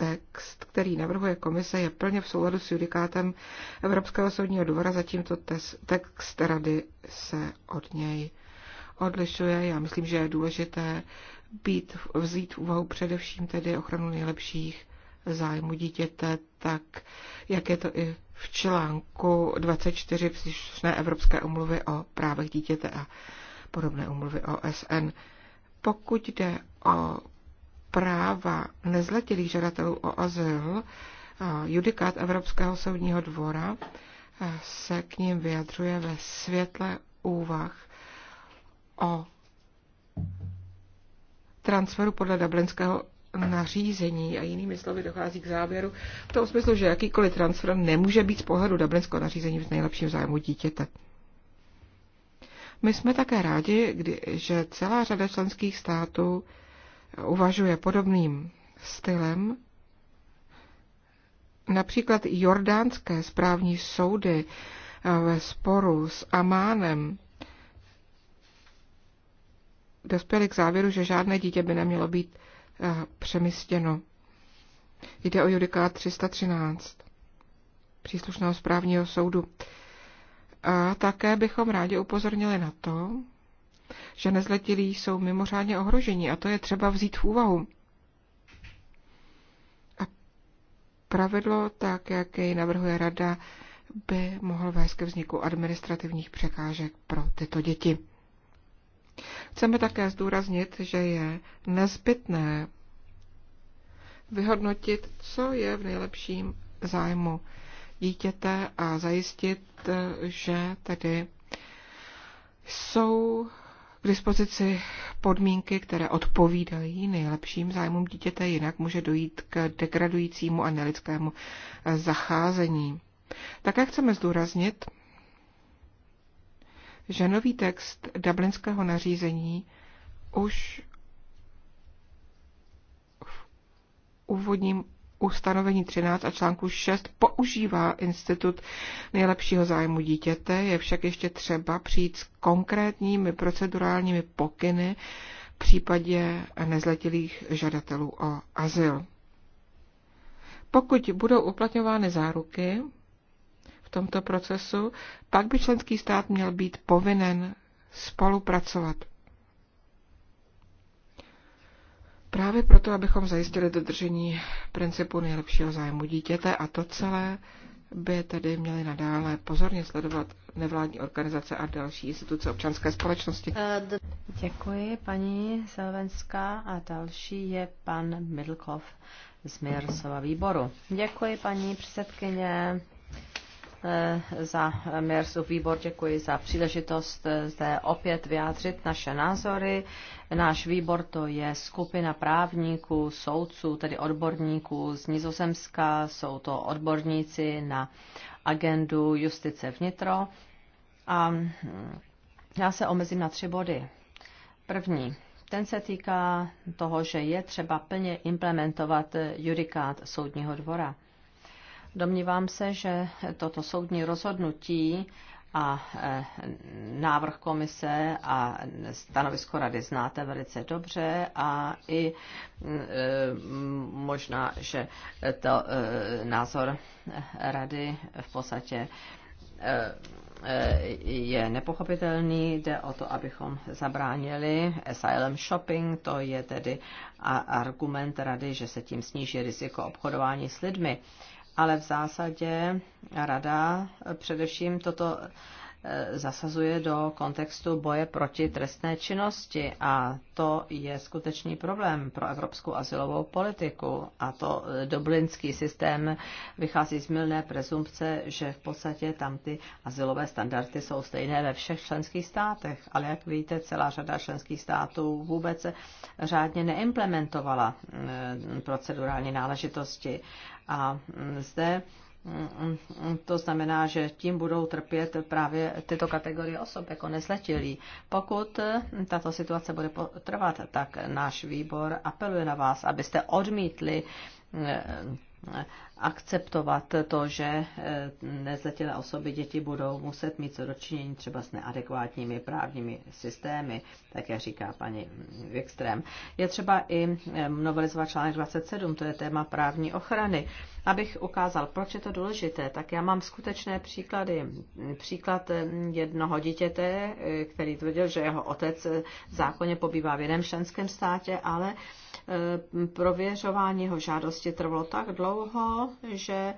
text, který navrhuje komise, je plně v souladu s judikátem Evropského soudního dvora, zatímco text rady se od něj odlišuje. Já myslím, že je důležité být, vzít v úvahu především tedy ochranu nejlepších zájmu dítěte, tak jak je to i v článku 24 příslušné Evropské umluvy o právech dítěte a podobné umluvy OSN. Pokud jde o práva nezletilých žadatelů o azyl, judikát Evropského soudního dvora se k ním vyjadřuje ve světle úvah o transferu podle dublinského nařízení a jinými slovy dochází k závěru v tom smyslu, že jakýkoliv transfer nemůže být z pohledu dublinského nařízení v nejlepším zájmu dítěte. My jsme také rádi, kdy, že celá řada členských států uvažuje podobným stylem, například jordánské správní soudy eh, ve sporu s Amánem dospěli k závěru, že žádné dítě by nemělo být eh, přemístěno. Jde o judikát 313 příslušného správního soudu. A také bychom rádi upozornili na to, že nezletilí jsou mimořádně ohroženi a to je třeba vzít v úvahu. A pravidlo, tak jak jej navrhuje rada, by mohl vést ke vzniku administrativních překážek pro tyto děti. Chceme také zdůraznit, že je nezbytné vyhodnotit, co je v nejlepším zájmu dítěte a zajistit, že tedy jsou k dispozici podmínky, které odpovídají nejlepším zájmům dítěte, jinak může dojít k degradujícímu a nelidskému eh, zacházení. Také chceme zdůraznit, že nový text dublinského nařízení už v úvodním ustanovení 13 a článku 6 používá institut nejlepšího zájmu dítěte, je však ještě třeba přijít s konkrétními procedurálními pokyny v případě nezletilých žadatelů o azyl. Pokud budou uplatňovány záruky v tomto procesu, pak by členský stát měl být povinen spolupracovat. Právě proto, abychom zajistili dodržení principu nejlepšího zájmu dítěte a to celé by tedy měly nadále pozorně sledovat nevládní organizace a další instituce občanské společnosti. Eh, Děkuji, paní Selvenská. A další je pan Midlkov z Mirsova výboru. Děkuji, paní předsedkyně. Eh, za eh, Mersu výbor děkuji za příležitost eh, zde opět vyjádřit naše názory. Náš výbor to je skupina právníků, soudců, tedy odborníků z Nizozemska, jsou to odborníci na agendu justice vnitro. A hm, já se omezím na tři body. První. Ten se týká toho, že je třeba plně implementovat judikát soudního dvora. Domnívám se, že toto soudní rozhodnutí a e, návrh komise a stanovisko rady znáte velice dobře a i e, možná, že to e, názor rady v podstatě je nepochopitelný. Jde o to, abychom zabránili asylum shopping, to je tedy argument rady, že se tím sníží riziko obchodování s lidmi ale v zásadě rada především toto Eh, zasazuje do kontextu boje proti trestné činnosti a to je skutečný problém pro evropskou asilovou politiku a to eh, dublinský systém vychází z milné prezumpce, že v podstatě tam ty asilové standardy jsou stejné ve všech členských státech, ale jak víte, celá řada členských států vůbec řádně neimplementovala eh, procedurální náležitosti a mm, zde to znamená, že tím budou trpět právě tyto kategorie osob jako nezletilí. Pokud tato situace bude trvat, tak náš výbor apeluje na vás, abyste odmítli eh, akceptovat to, že eh, nezletilé osoby, děti budou muset mít co dočinění třeba s neadekvátními právními systémy, tak jak říká paní Wikström. Je třeba i eh, novelizovat článek 27, to je téma právní ochrany. Abych ukázal, proč je to důležité, tak já mám skutečné příklady. Příklad eh, jednoho dítěte, který tvrdil, že jeho otec zákonně pobývá v jiném členském státě, ale Eh, prověřování jeho žádosti trvalo tak dlouho, že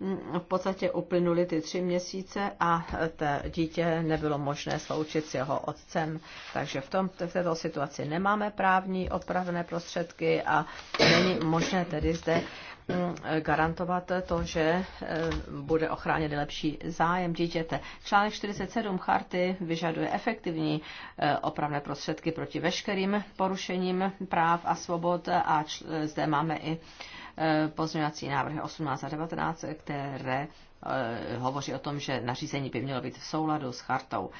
hm, v podstatě uplynuly ty tři měsíce a té dítě nebylo možné sloučit s jeho otcem. Takže v, tom, v této situaci nemáme právní opravné prostředky a není možné tedy zde Eh, garantovat to, že eh, bude ochráněn lepší zájem dítěte. Článek 47 charty vyžaduje efektivní eh, opravné prostředky proti veškerým porušením práv a svobod a zde máme i pozměňovací návrhy 18 a 19, které Eh, hovoří o tom, že nařízení by mělo být v souladu s chartou.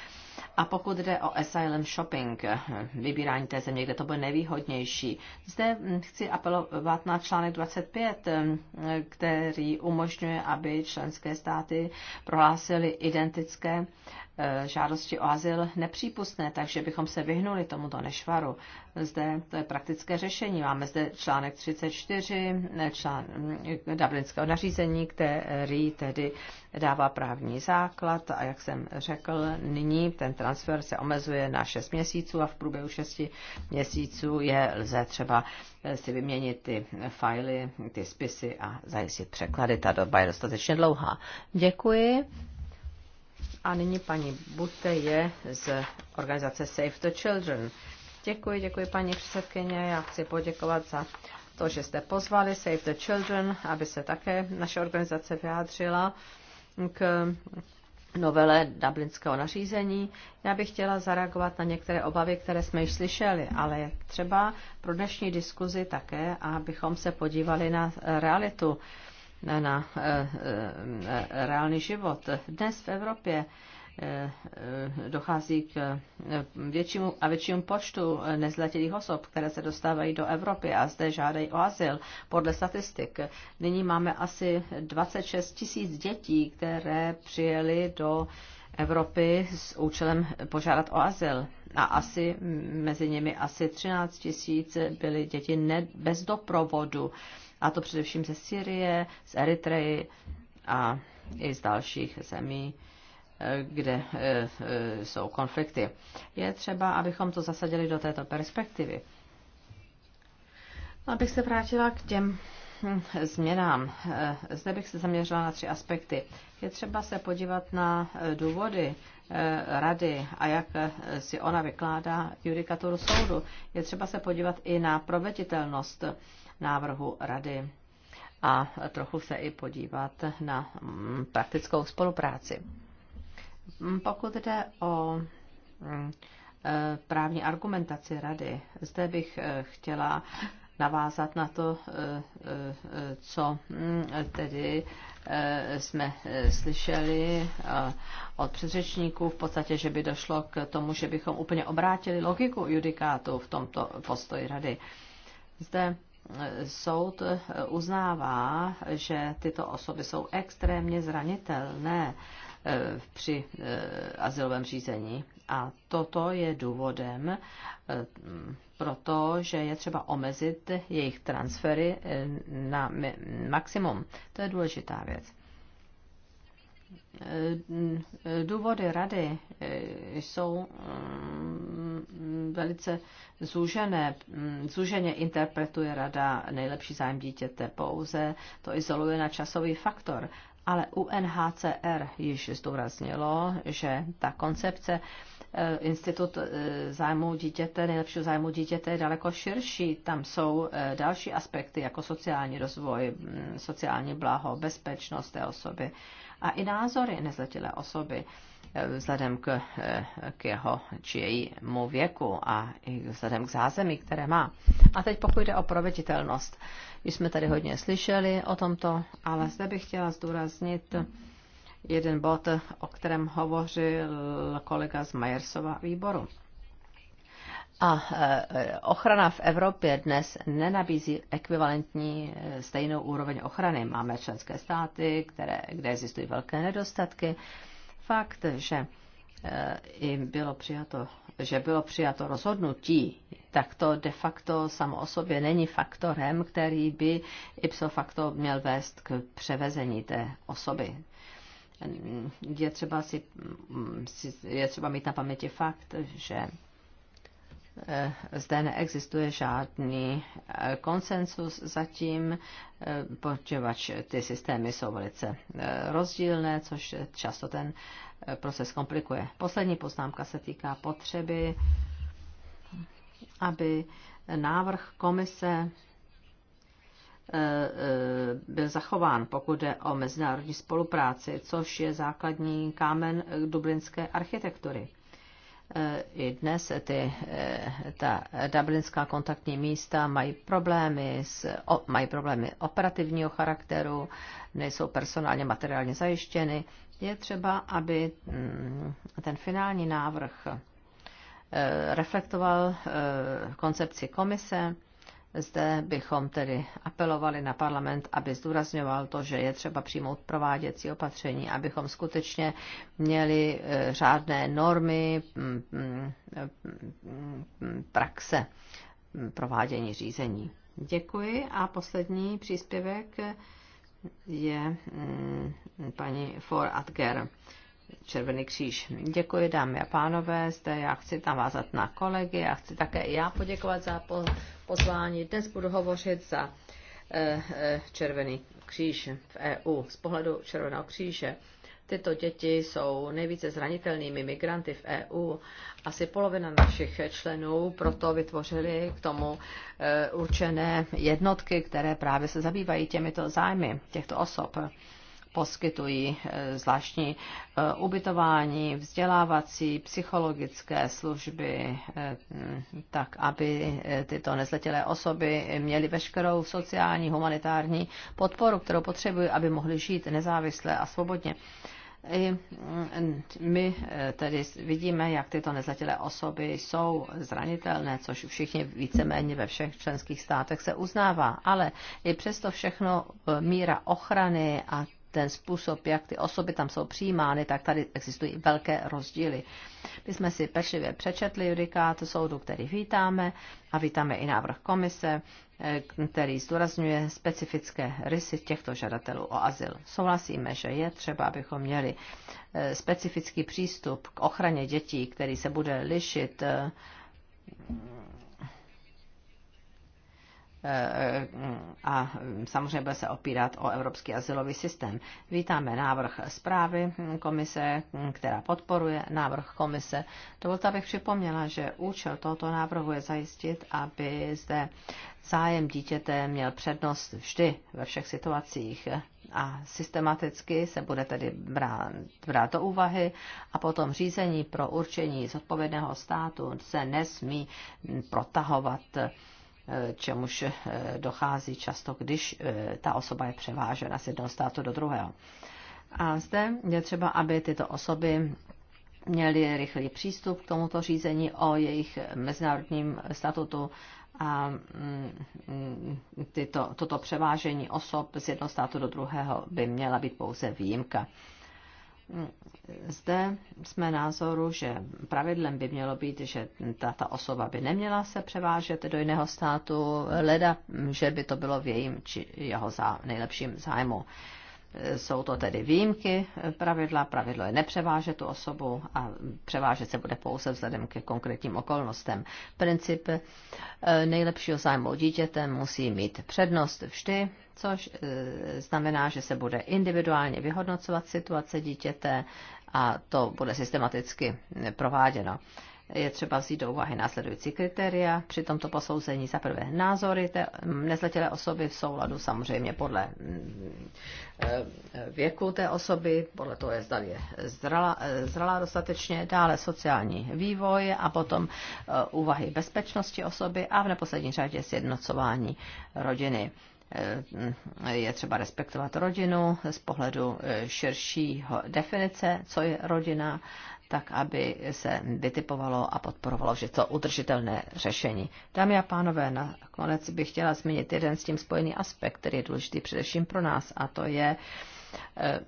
A pokud jde o asylum shopping, eh, vybírání té země, kde to bude nejvýhodnější, zde hm, chci apelovat na článek 25, hm, který umožňuje, aby členské státy prohlásily identické Eh, žádosti o azyl nepřípustné, takže bychom se vyhnuli tomuto nešvaru. Zde to je praktické řešení. Máme zde článek 34 eh, člán, hm, Dublinského nařízení, který tedy dává právní základ a jak jsem řekl, nyní ten transfer se omezuje na 6 měsíců a v průběhu 6 měsíců je lze třeba eh, si vyměnit ty fajly, ty spisy a zajistit překlady. Ta doba je dostatečně dlouhá. Děkuji. A nyní paní Bute je z organizace Save the Children. Děkuji, děkuji paní předsedkyně. Já chci poděkovat za to, že jste pozvali Save the Children, aby se také naše organizace vyjádřila k novele dublinského nařízení. Já bych chtěla zareagovat na některé obavy, které jsme již slyšeli, ale třeba pro dnešní diskuzi také, abychom se podívali na realitu na, na eh, eh, reálný život. Dnes v Evropě eh, dochází k většímu a většímu počtu nezletilých osob, které se dostávají do Evropy a zde žádají o azyl. Podle statistik nyní máme asi 26 tisíc dětí, které přijeli do Evropy s účelem požádat o azyl. A asi mezi nimi asi 13 tisíc byly děti ne, bez doprovodu a to především ze Syrie, z Eritreji a i z dalších zemí, eh, kde eh, eh, jsou konflikty. Je třeba, abychom to zasadili do této perspektivy. No, abych se vrátila k těm hm, změnám. Zde bych se zaměřila na tři aspekty. Je třeba se podívat na důvody rady a jak si ona vykládá judikaturu soudu. Je třeba se podívat i na proveditelnost návrhu rady a trochu se i podívat na mm, praktickou spolupráci. Mm, pokud jde o mm, e, právní argumentaci rady, zde bych e, chtěla navázat na to, e, co tedy jsme slyšeli od předřečníků v podstatě, že by došlo k tomu, že bychom úplně obrátili logiku judikátu v tomto postoji rady. Zde soud uznává, že tyto osoby jsou extrémně zranitelné eh, při eh, asilovém řízení. A toto je důvodem, eh, protože je třeba omezit jejich transfery na maximum. To je důležitá věc. Eh, důvody rady eh, jsou mm, velice zúžené. Mm, zúženě interpretuje rada nejlepší zájem dítěte pouze, to izoluje na časový faktor. Ale UNHCR již zdůraznilo, že ta koncepce eh, institut zájmu dítěte, nejlepšího zájmu dítěte je daleko širší. Tam jsou další aspekty jako sociální rozvoj, mm, sociální blaho, bezpečnost té osoby a i názory nezletilé osoby eh, vzhledem k, eh, k jeho či jejímu věku a i vzhledem k zázemí, které má. A teď pokud jde o proveditelnost, již jsme tady hodně slyšeli o tomto, ale zde bych chtěla zdůraznit jeden bod, o kterém hovořil kolega z Majersova výboru. A e, ochrana v Evropě dnes nenabízí ekvivalentní e, stejnou úroveň ochrany. Máme členské státy, které, kde existují velké nedostatky. Fakt, že e, jim bylo přijato, že bylo přijato rozhodnutí, tak to de facto samo o sobě není faktorem, který by ipso facto měl vést k převezení té osoby je třeba, si, je třeba mít na paměti fakt, že Eh, zde neexistuje žádný eh, konsensus zatím, eh, poněvadž ty systémy jsou velice rozdílné, což často ten proces komplikuje. Poslední poznámka se týká potřeby, aby návrh komise byl zachován, pokud jde o mezinárodní spolupráci, což je základní kámen dublinské architektury. E, i dnes ty, e, ta dublinská kontaktní místa mají problémy, s, o, mají problémy operativního charakteru, nejsou personálně materiálně zajištěny. Je třeba, aby mm, ten finální návrh e, reflektoval koncepci komise zde bychom tedy apelovali na parlament, aby zdůrazňoval to, že je třeba přijmout prováděcí opatření, abychom skutečně měli eh, řádné normy mm, mm, mm, praxe provádění řízení. Děkuji a poslední příspěvek je paní For Adger. Červený kříž. Děkuji, dámy a pánové. Zde já chci tam vázat na kolegy a chci také já poděkovat za po, pozvání. Dnes budu hovořit za eh, eh, Červený kříž v EU z pohledu Červeného kříže. Tyto děti jsou nejvíce zranitelnými migranty v EU. Asi polovina našich členů proto vytvořili k tomu eh, určené jednotky, které právě se zabývají těmito zájmy těchto osob poskytují eh, zvláštní eh, ubytování, vzdělávací, psychologické služby, eh, tak aby tyto nezletilé osoby měly veškerou sociální, humanitární podporu, kterou potřebují, aby mohly žít nezávisle a svobodně. I mm, my tedy vidíme, jak tyto nezletilé osoby jsou zranitelné, což všichni víceméně ve všech členských státech se uznává. Ale i přesto všechno míra ochrany a ten způsob, jak ty osoby tam jsou přijímány, tak tady existují velké rozdíly. My jsme si pečlivě přečetli judikát soudu, který vítáme a vítáme i návrh komise, eh, který zdůrazňuje specifické rysy těchto žadatelů o azyl. Souhlasíme, že je třeba, abychom měli eh, specifický přístup k ochraně dětí, který se bude lišit eh, Eh, eh, a mm, samozřejmě bude se opírat o evropský asilový systém. Vítáme návrh zprávy hm, komise, hm, která podporuje návrh komise. Dovolte, abych připomněla, že účel tohoto návrhu je zajistit, aby zde zájem dítěte měl přednost vždy ve všech situacích a systematicky se bude tedy brát, brát do úvahy a potom řízení pro určení zodpovědného státu se nesmí protahovat čemuž eh, dochází často, když eh, ta osoba je převážena z jednoho státu do druhého. A zde je třeba, aby tyto osoby měly rychlý přístup k tomuto řízení o jejich mezinárodním statutu a mm, mm, tyto, toto převážení osob z jednoho státu do druhého by měla být pouze výjimka zde jsme názoru, že pravidlem by mělo být, že ta osoba by neměla se převážet do jiného státu, leda, že by to bylo v jejím či jeho zá, nejlepším zájmu. Jsou to tedy výjimky pravidla, pravidlo je nepřevážet tu osobu a převážet se bude pouze vzhledem ke konkrétním okolnostem. Princip eh, nejlepšího zájmu dítěte musí mít přednost vždy což e, znamená, že se bude individuálně vyhodnocovat situace dítěte a to bude systematicky e, prováděno. Je třeba vzít do úvahy následující kritéria při tomto posouzení. Za prvé názory té nezletělé osoby v souladu samozřejmě podle e, věku té osoby, podle toho je zdali je zrala, zrala dostatečně, dále sociální vývoj a potom úvahy bezpečnosti osoby a v neposlední řadě sjednocování rodiny. Eh, je třeba respektovat rodinu z pohledu eh, širšího definice, co je rodina, tak aby se vytipovalo a podporovalo, že to udržitelné řešení. Dámy a pánové, nakonec bych chtěla zmínit jeden s tím spojený aspekt, který je důležitý především pro nás, a to je Eh,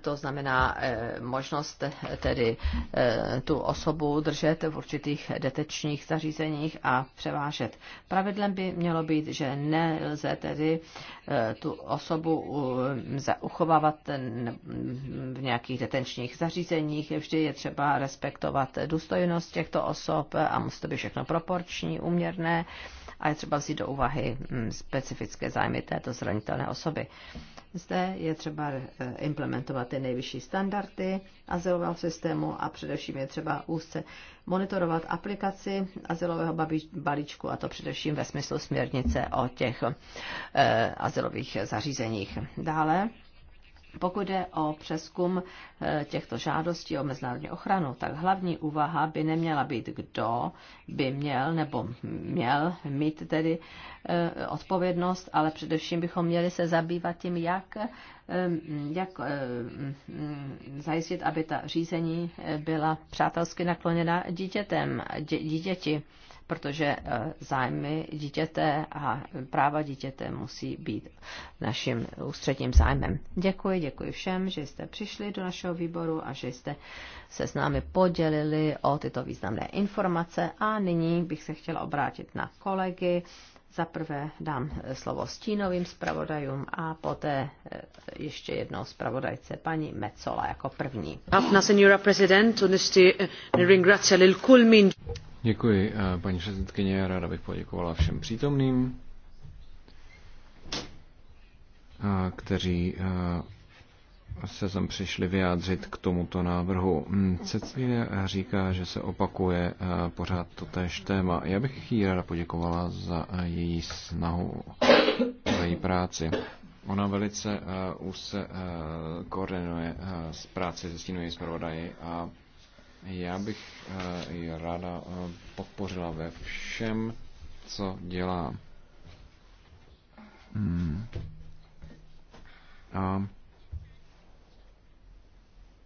to znamená eh, možnost tedy eh, tu osobu držet v určitých detečních zařízeních a převážet. Pravidlem by mělo být, že nelze tedy tu osobu uchovávat v nějakých detenčních zařízeních. Vždy je třeba respektovat důstojnost těchto osob a musí to být všechno proporční, uměrné a je třeba vzít do úvahy hm, specifické zájmy této zranitelné osoby. Zde je třeba eh, implementovat ty nejvyšší standardy azylového systému a především je třeba úzce monitorovat aplikaci azylového balíčku a to především ve smyslu směrnice o těch eh, azylových zařízeních. Dále pokud jde o přeskum eh, těchto žádostí o mezinárodní ochranu, tak hlavní úvaha by neměla být, kdo by měl nebo měl mít tedy eh, odpovědnost, ale především bychom měli se zabývat tím, jak, eh, jak mm, zajistit, aby ta řízení byla přátelsky nakloněna dítětem, dítěti protože eh, zájmy dítěte a práva dítěte musí být naším ústředním zájmem. Děkuji, děkuji všem, že jste přišli do našeho výboru a že jste se s námi podělili o tyto významné informace. A nyní bych se chtěla obrátit na kolegy. Za prvé dám eh, slovo stínovým zpravodajům a poté eh, ještě jednou zpravodajce paní Mecola jako první. Děkuji, eh, paní předsedkyně. Ráda bych poděkovala všem přítomným, eh, kteří eh, se sem přišli vyjádřit k tomuto návrhu. Hmm, Cecilia říká, že se opakuje pořád to též téma. Já bych jí ráda poděkovala za její snahu, za její práci. Ona velice uh, už se uh, koordinuje uh, s práci se stínovými zpravodaji a já bych ji eh, ráda eh, podpořila ve všem, co dělá. Hmm. A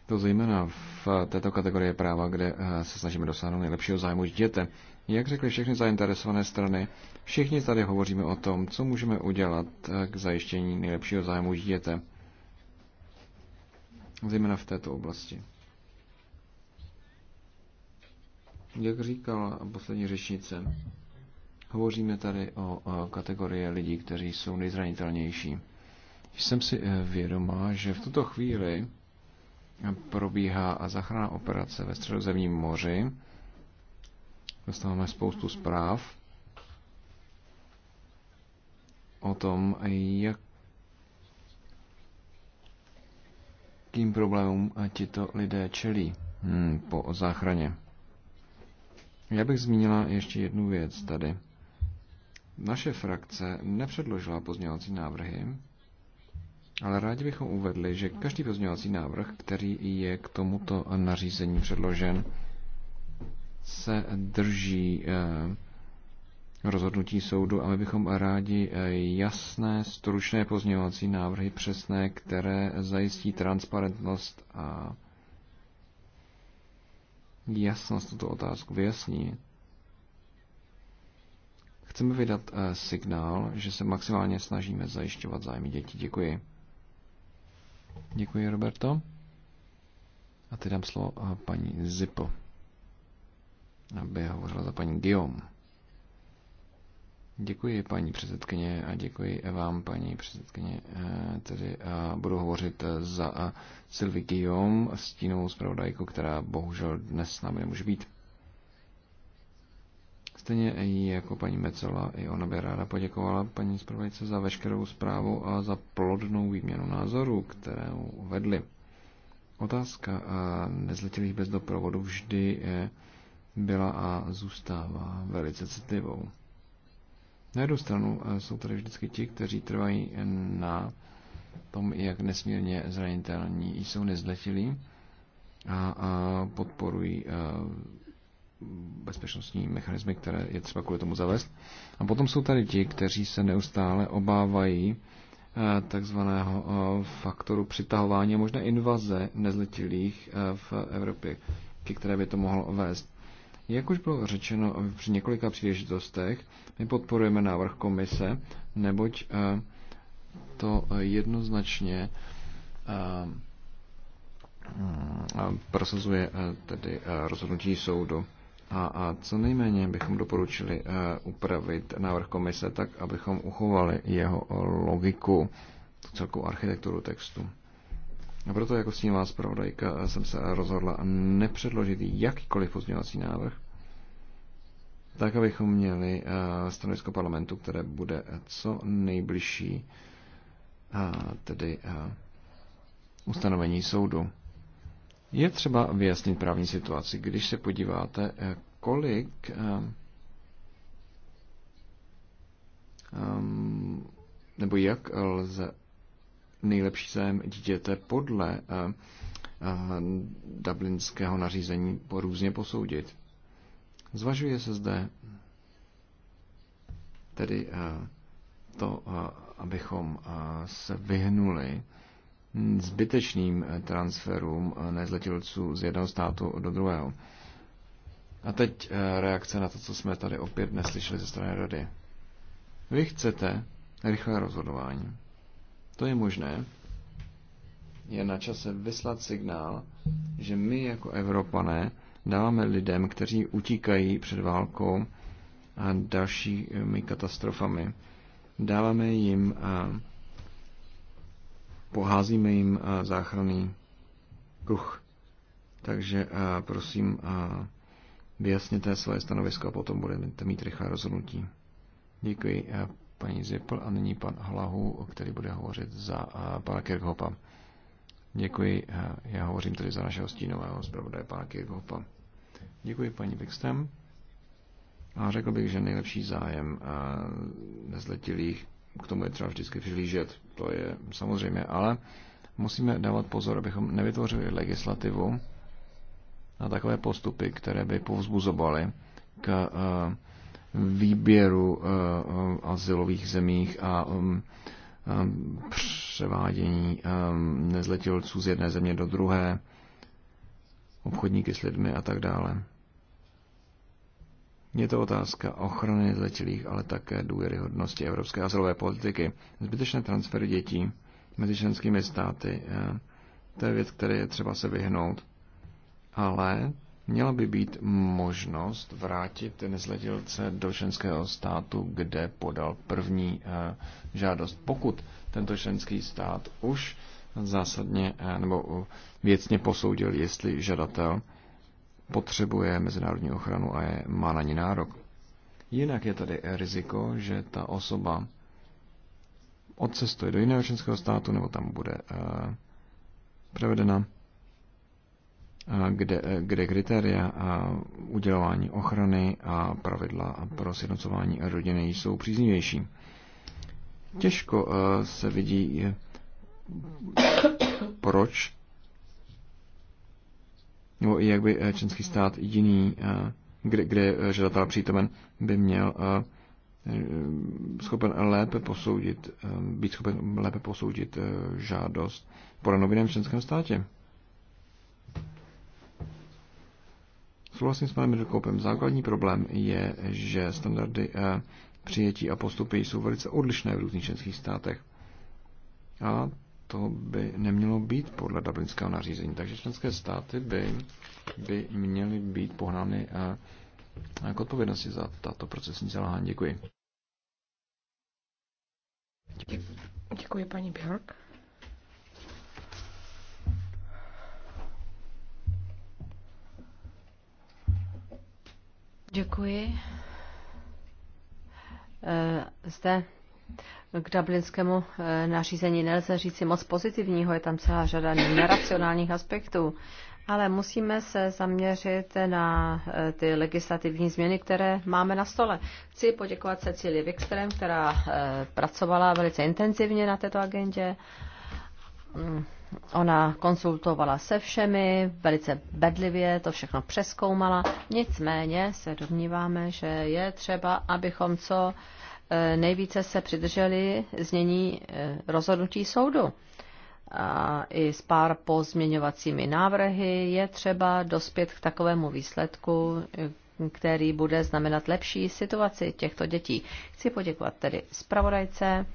to zejména v této kategorii práva, kde eh, se snažíme dosáhnout nejlepšího zájmu dítěte. Jak řekli všechny zainteresované strany, všichni tady hovoříme o tom, co můžeme udělat k zajištění nejlepšího zájmu dítěte. Zejména v této oblasti. Jak říkala poslední řečnice, hovoříme tady o kategorii lidí, kteří jsou nejzranitelnější. Jsem si e, vědomá, že v tuto chvíli probíhá a zachrana operace ve středozemním moři. Dostáváme spoustu zpráv o tom, jak jakým problémům tito lidé čelí hmm, po záchraně. Já bych zmínila ještě jednu věc tady. Naše frakce nepředložila pozměňovací návrhy, ale rádi bychom uvedli, že každý pozměňovací návrh, který je k tomuto nařízení předložen, se drží eh, rozhodnutí soudu a my bychom rádi eh, jasné, stručné pozměňovací návrhy, přesné, které zajistí transparentnost a jasnost tuto otázku vyjasní, chceme vydat eh, signál, že se maximálně snažíme zajišťovat zájmy dětí. Děkuji. Děkuji, Roberto. A teď dám slovo eh, paní Zipo, aby hovořila za paní Guillaume. Děkuji, paní předsedkyně, a děkuji vám, paní předsedkyně. Eh, tedy eh, budu hovořit eh, za Sylvie Guillaume, stínovou zpravodajku, která bohužel dnes s námi nemůže být. Stejně i jako paní Mecola, i ona by ráda poděkovala paní zpravodajce za veškerou zprávu a za plodnou výměnu názorů, kterou vedli. Otázka nezletilých bez doprovodu vždy byla a zůstává velice citlivou. Na jednu stranu eh, jsou tady vždycky ti, kteří trvají na tom, jak nesmírně zranitelní jsou nezletilí a, a podporují a, eh, bezpečnostní mechanismy, které je třeba kvůli tomu zavést. A potom jsou tady ti, kteří se neustále obávají eh, takzvaného faktoru přitahování a možná invaze nezletilých v Evropě, ke které by to mohlo vést. Jak už bylo řečeno při několika příležitostech, my podporujeme návrh komise, neboť eh, to jednoznačně eh, mm, prosazuje eh, tedy rozhodnutí soudu. A, co nejméně bychom doporučili upravit návrh komise tak, abychom uchovali jeho logiku, celkovou architekturu textu. A proto jako sněmová zpravodajka jsem se rozhodla nepředložit jakýkoliv pozměňovací návrh, tak abychom měli eh, stanovisko parlamentu, které bude co nejbližší eh, tedy eh, ustanovení soudu. Je třeba vyjasnit právní situaci. Když se podíváte, kolik ehm, nebo jak lze nejlepší zájem dítěte podle eh, eh, dublinského nařízení různě posoudit. Zvažuje se zde tedy eh, to, abychom se vyhnuli zbytečným transferům nezletilců z jednoho státu do druhého. A teď reakce na to, co jsme tady opět neslyšeli ze strany rady. Vy chcete rychlé rozhodování to je možné, je na čase vyslat signál, že my jako Evropané dáváme lidem, kteří utíkají před válkou a dalšími katastrofami, dáváme jim a poházíme jim a záchranný kruh. Takže a prosím, a vyjasněte své stanovisko a potom budete mít rychlé rozhodnutí. Děkuji paní Zipl a nyní pan Hlahu, který bude hovořit za pana Kirchhoffa. Děkuji, já hovořím tedy za našeho stínového zpravodaje pana Kirchhoffa. Děkuji paní Wikström. A řekl bych, že nejlepší zájem nezletilých, k tomu je třeba vždycky přihlížet, to je samozřejmě, ale musíme dávat pozor, abychom nevytvořili legislativu na takové postupy, které by povzbuzovaly k výběru eh, eh, asilových zemích a mm, eh, převádění nezletilců z jedné země do druhé, obchodníky s lidmi a tak dále. Je to otázka ochrany nezletilých, ale také důvěryhodnosti evropské asilové politiky. Zbytečné transfery dětí mezi členskými státy, to je věc, které je třeba se vyhnout. Ale Měla by být možnost vrátit nezletilce do členského státu, kde podal první eh, žádost, pokud tento členský stát už zásadně eh, nebo eh, věcně posoudil, jestli žadatel potřebuje mezinárodní ochranu a je, má na ní nárok. Jinak je tady riziko, že ta osoba odcestuje do jiného členského státu nebo tam bude uh, prevedena kde, eh, kde kritéria a udělování ochrany a pravidla pro sjednocování rodiny jsou příznivější. Těžko eh, se vidí, eh, proč nebo i jak by členský stát jiný, kde, kde žadatel přítomen, by měl schopen lépe posoudit, být schopen lépe posoudit žádost podanou v členském státě. Souhlasím s panem Midelkopem. Základní problém je, že standardy eh, přijetí a postupy jsou velice odlišné v různých členských státech. A to by nemělo být podle dublinského nařízení. Takže členské státy by, by měly být pohnány eh, k odpovědnosti za tato procesní selhání. Děkuji. Děkuji, paní Björk. Děkuji. Eh, zde k dublinskému eh, nařízení nelze říci moc pozitivního, je tam celá řada neracionálních aspektů, ale musíme se zaměřit na eh, ty legislativní změny, které máme na stole. Chci poděkovat Cecílii Wikström, která pracovala velice intenzivně na této agendě mm. Ona konsultovala se všemi, velice bedlivě to všechno přeskoumala. Nicméně se domníváme, že je třeba, abychom co e, nejvíce se přidrželi znění e, rozhodnutí soudu. A I s pár pozměňovacími návrhy je třeba dospět k takovému výsledku, e, který bude znamenat lepší situaci těchto dětí. Chci poděkovat tedy zpravodajce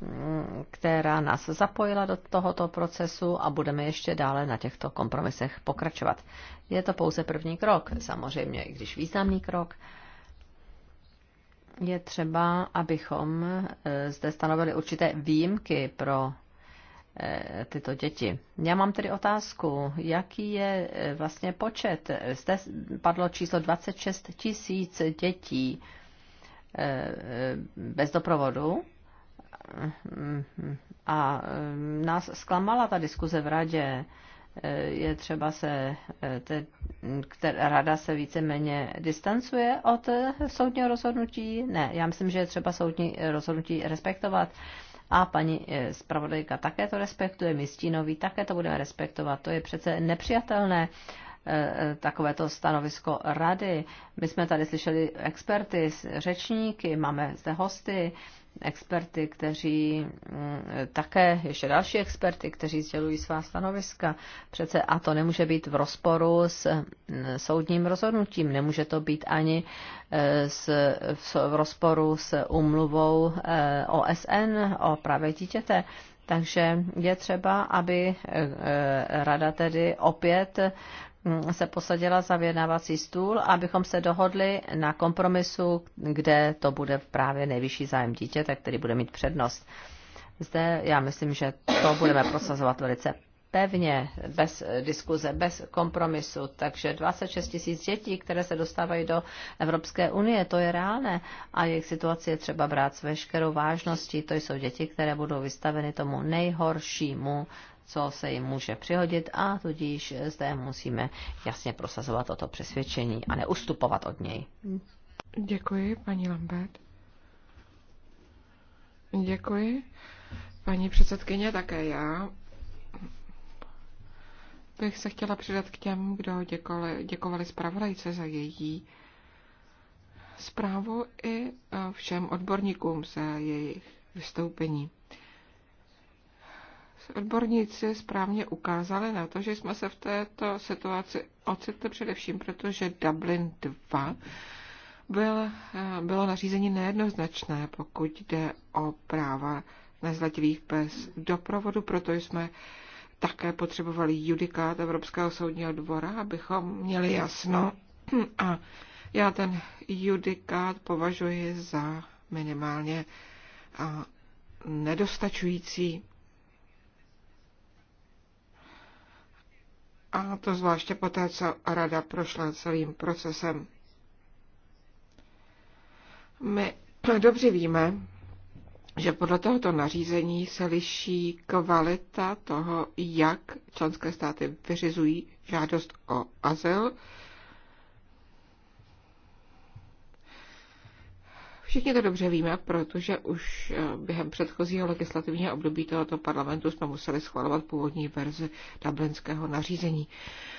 Mm, která nás zapojila do tohoto procesu a budeme ještě dále na těchto kompromisech pokračovat. Je to pouze první krok, samozřejmě, i když významný krok. Je třeba, abychom eh, zde stanovili určité výjimky pro eh, tyto děti. Já mám tedy otázku, jaký je eh, vlastně počet? Zde padlo číslo 26 tisíc dětí bez doprovodu a eh, nás zklamala ta diskuze v radě. Eh, je třeba se, eh, te, která rada se víceméně distancuje od soudního rozhodnutí? Ne, já myslím, že je třeba soudní rozhodnutí respektovat. A paní zpravodajka také to respektuje, my stínoví také to budeme respektovat. To je přece nepřijatelné takovéto stanovisko rady. My jsme tady slyšeli experty, řečníky, máme zde hosty experty, kteří mm, také, ještě další experty, kteří sdělují svá stanoviska. Přece a to nemůže být v rozporu s mm, soudním rozhodnutím, nemůže to být ani e, s, v rozporu s umluvou e, OSN o právě dítěte. Takže je třeba, aby e, rada tedy opět Mm, se posadila za vyjednávací stůl, abychom se dohodli na kompromisu, kde to bude právě nejvyšší zájem dítěte, který bude mít přednost. Zde já myslím, že to budeme prosazovat velice pevně, bez diskuze, bez kompromisu. Takže 26 tisíc dětí, které se dostávají do Evropské unie, to je reálné a jejich situaci je třeba brát s veškerou vážností. To jsou děti, které budou vystaveny tomu nejhoršímu co se jim může přihodit a tudíž zde musíme jasně prosazovat toto přesvědčení a neustupovat od něj. Děkuji, paní Lambert. Děkuji. Paní předsedkyně, také já bych se chtěla přidat k těm, kdo děkovali, děkovali zpravodajce za její zprávu i eh, všem odborníkům za jejich vystoupení odborníci správně ukázali na to, že jsme se v této situaci ocitli především, protože Dublin 2 byl, bylo nařízení nejednoznačné, pokud jde o práva nezletilých bez doprovodu, proto jsme také potřebovali judikát Evropského soudního dvora, abychom měli jasno. A já ten judikát považuji za minimálně nedostačující. a to zvláště poté, co rada prošla celým procesem. My (clears throat) dobře víme, že podle tohoto nařízení se liší kvalita toho, jak členské státy vyřizují žádost o azyl Všichni to dobře víme, protože už eh, během předchozího legislativního období tohoto parlamentu jsme museli schvalovat původní verzi dublinského nařízení.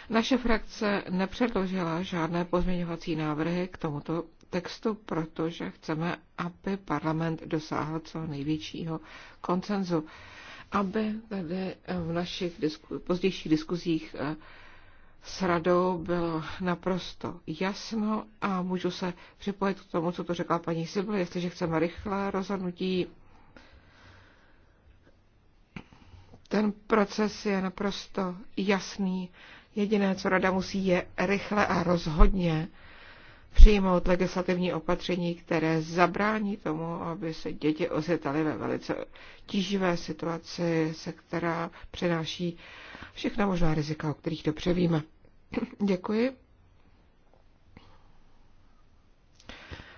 Naše frakce nepředložila žádné pozměňovací návrhy k tomuto textu, protože chceme, aby parlament dosáhl co největšího koncenzu, aby tady v našich disku, pozdějších diskuzích eh, s radou bylo naprosto jasno a můžu se připojit k tomu, co to řekla paní Sibl, jestliže chceme rychlé rozhodnutí, ten proces je naprosto jasný. Jediné, co rada musí, je rychle a rozhodně přijmout legislativní opatření, které zabrání tomu, aby se děti ozetaly ve velice tíživé situaci, se která přenáší všechna možná rizika, o kterých dobře víme. (laughs) Děkuji.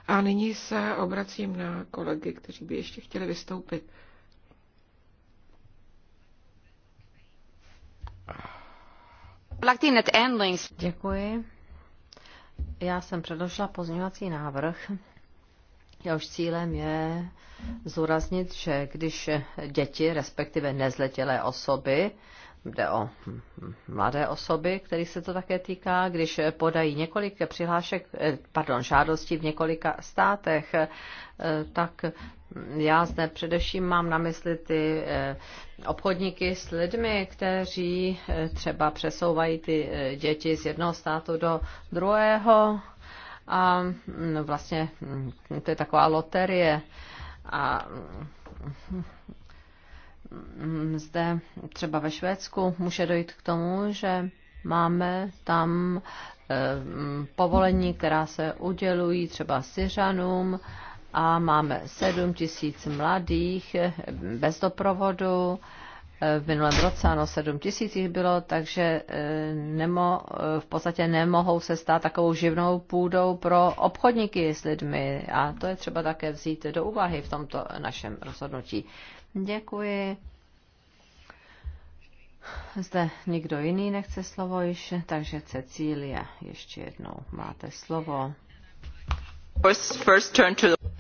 A nyní se obracím na kolegy, kteří by ještě chtěli vystoupit. Děkuji. Já jsem předložila pozměňovací návrh, jehož cílem je zúraznit, že když děti, respektive nezletělé osoby, jde o mladé osoby, který se to také týká, když podají několik přihlášek, eh, pardon, žádostí v několika státech, eh, tak já zde především mám na mysli ty eh, obchodníky s lidmi, kteří eh, třeba přesouvají ty eh, děti z jednoho státu do druhého a mm, vlastně mm, to je taková loterie a mm, zde třeba ve Švédsku může dojít k tomu, že máme tam povolení, která se udělují třeba Syřanům, a máme 7 tisíc mladých eh, bez doprovodu. Eh, v minulém roce ano, 7 tisíc jich bylo, takže eh, nemo, v podstatě nemohou se stát takovou živnou půdou pro obchodníky s lidmi. A to je třeba také vzít do úvahy v tomto našem rozhodnutí. Děkuji. Zde nikdo jiný nechce slovo již, takže Cecília, ještě jednou máte slovo.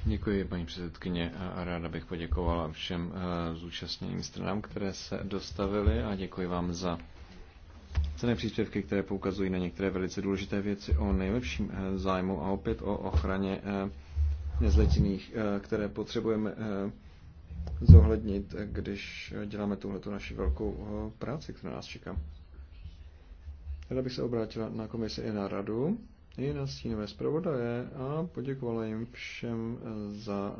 Děkuji, paní předsedkyně, a ráda bych poděkovala všem zúčastněným stranám, které se dostavily a děkuji vám za cené příspěvky, které poukazují na některé velice důležité věci o nejlepším e, zájmu a opět o ochraně e, nezletilých, e, které potřebujeme zohlednit, když děláme tuhletu naši velkou práci, která nás čeká. Ráda bych se obrátila na komisi i na radu i na stínové zpravodaje a poděkovala jim všem eh, za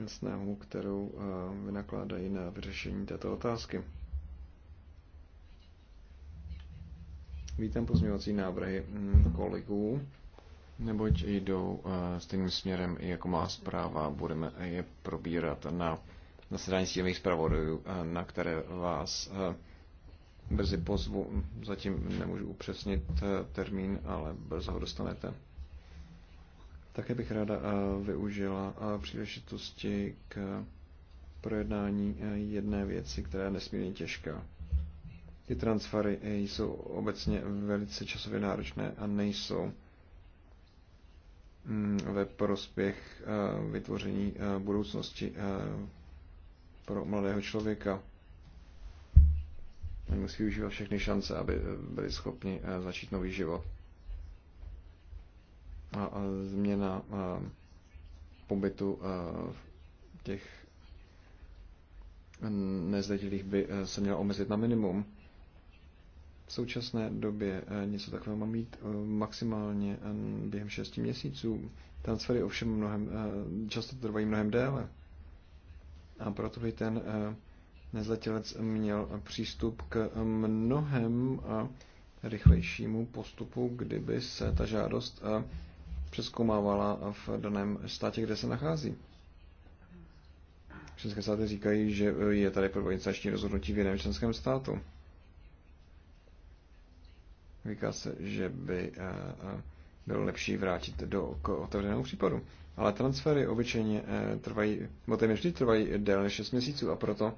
eh, snahu, kterou eh, vynakládají na vyřešení této otázky. Vítám pozměňovací návrhy hm, kolegů, neboť jdou stejným směrem, jako má zpráva. Budeme je probírat na zasedání stínových zpravodajů, na které vás brzy pozvu. Zatím nemůžu upřesnit eh, termín, ale brzy ho dostanete. Také bych ráda eh, využila eh, příležitosti k projednání jedné věci, která je nesmírně těžká. Ty transfery jsou obecně velice časově náročné a nejsou mm, ve prospěch vytvoření budoucnosti pro mladého člověka musí využívat všechny šance, aby eh, byli schopni eh, začít nový život. A změna eh, pobytu těch nezletilých by se měla omezit na minimum. V současné době něco takového má mít maximálně během 6 měsíců. Transfery ovšem mnohem, často trvají mnohem déle. A proto by ten nezletělec měl přístup k mnohem rychlejšímu postupu, kdyby se ta žádost přeskoumávala v daném státě, kde se nachází. České státy říkají, že je tady prvoinstanční rozhodnutí v jiném členském státu. Říká se, že by bylo lepší vrátit do k otevřeného případu. Ale transfery obyčejně e, trvají, bo téměř trvají déle než 6 měsíců a proto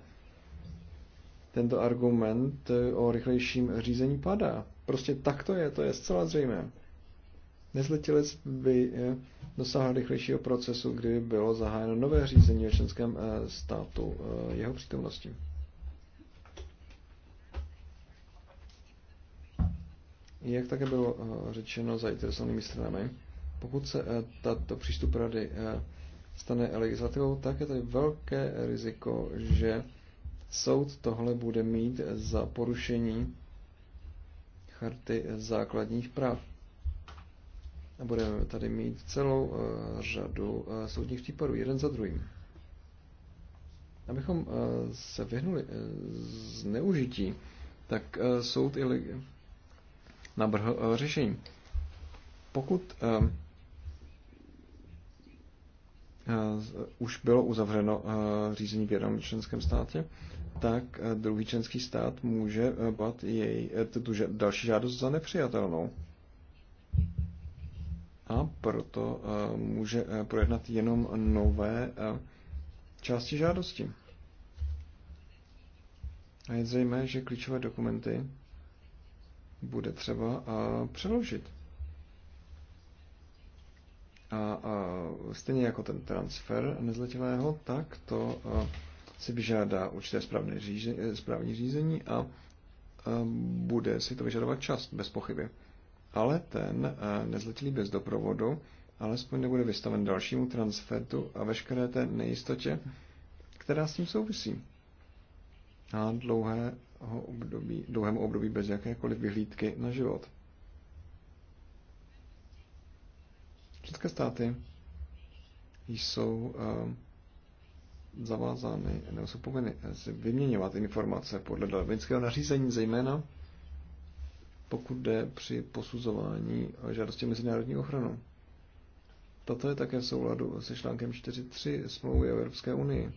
tento argument eh, o rychlejším řízení padá. Prostě tak to je, to je zcela zřejmé. Nezletilec by eh, dosáhl rychlejšího procesu, kdyby bylo zahájeno nové řízení ve členském eh, státu jeho přítomnosti. Jak také bylo řečeno zainteresovanými stranami, pokud se tato přístup rady stane legislativou, tak je tady velké riziko, že Soud tohle bude mít za porušení charty základních práv. A budeme tady mít celou eh, řadu eh, soudních případů, jeden za druhým. Abychom eh, se vyhnuli zneužití, tak soud i navrhl řešení. Pokud už bylo uzavřeno řízení v jednom členském státě, tak druhý členský stát může bát její, eh, tu další žádost za nepřijatelnou. A proto eh, může eh, projednat jenom nové části žádosti. A je zřejmé, že klíčové dokumenty bude třeba přeložit. A, a stejně jako ten transfer nezletilého, tak to a, si vyžádá určité správné řízení, správní řízení a bude si to vyžadovat čas, bez pochyby. Ale ten e, nezletilý bez doprovodu alespoň nebude vystaven dalšímu transfertu a veškeré té nejistotě, která s tím souvisí. A dlouhého období, dlouhému období bez jakékoliv vyhlídky na život. České státy jsou e, zavázány nebo jsou povinny vyměňovat informace podle dalvinského nařízení, zejména pokud jde při posuzování žádosti mezinárodní ochranu. Tato je také v souladu se článkem 4.3 smlouvy Evropské unii.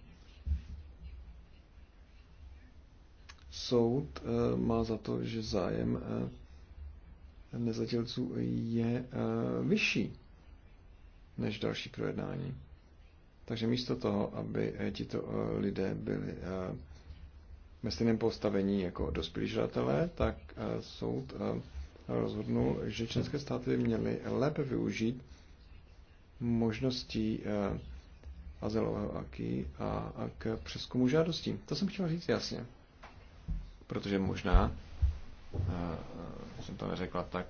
Soud eh, má za to, že zájem eh, nezatělců je eh, vyšší než další projednání. Takže místo toho, aby eh, tito eh, lidé byli eh, ve stejném postavení jako dospělí žadatelé, tak soud rozhodnul, že členské státy by měly lépe využít možností azylového aký a, a k přeskumu žádostí. To jsem chtěl říct jasně. Protože možná jsem to neřekla tak,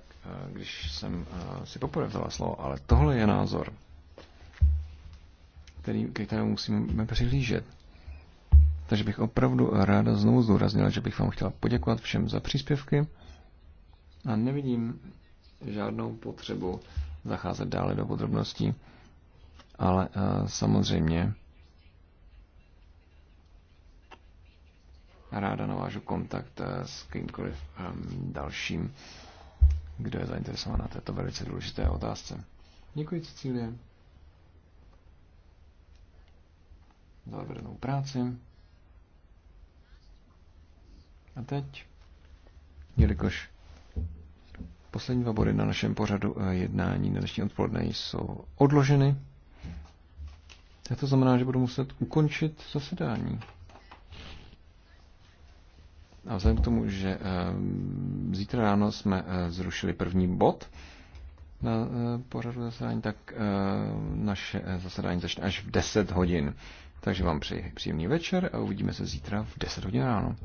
když jsem si poprvé vzala slovo, ale tohle je názor který, ke kterému musíme přihlížet. Takže bych opravdu ráda znovu zdůraznila, že bych vám chtěla poděkovat všem za příspěvky a nevidím žádnou potřebu zacházet dále do podrobností, ale uh, samozřejmě ráda navážu kontakt eh, s kýmkoliv um, dalším, kdo je zainteresovaná této velice důležité otázce. Děkuji, Cecilie. za odvedenou práci. A teď, jelikož poslední dva body na našem pořadu eh, jednání na dnešní odpoledne jsou odloženy, tak to znamená, že budu muset ukončit zasedání. A vzhledem k tomu, že eh, zítra ráno jsme eh, zrušili první bod na pořadu zasedání, tak naše zasedání začne až v 10 hodin. Takže vám přeji příjemný večer a uvidíme se zítra v 10 hodin ráno.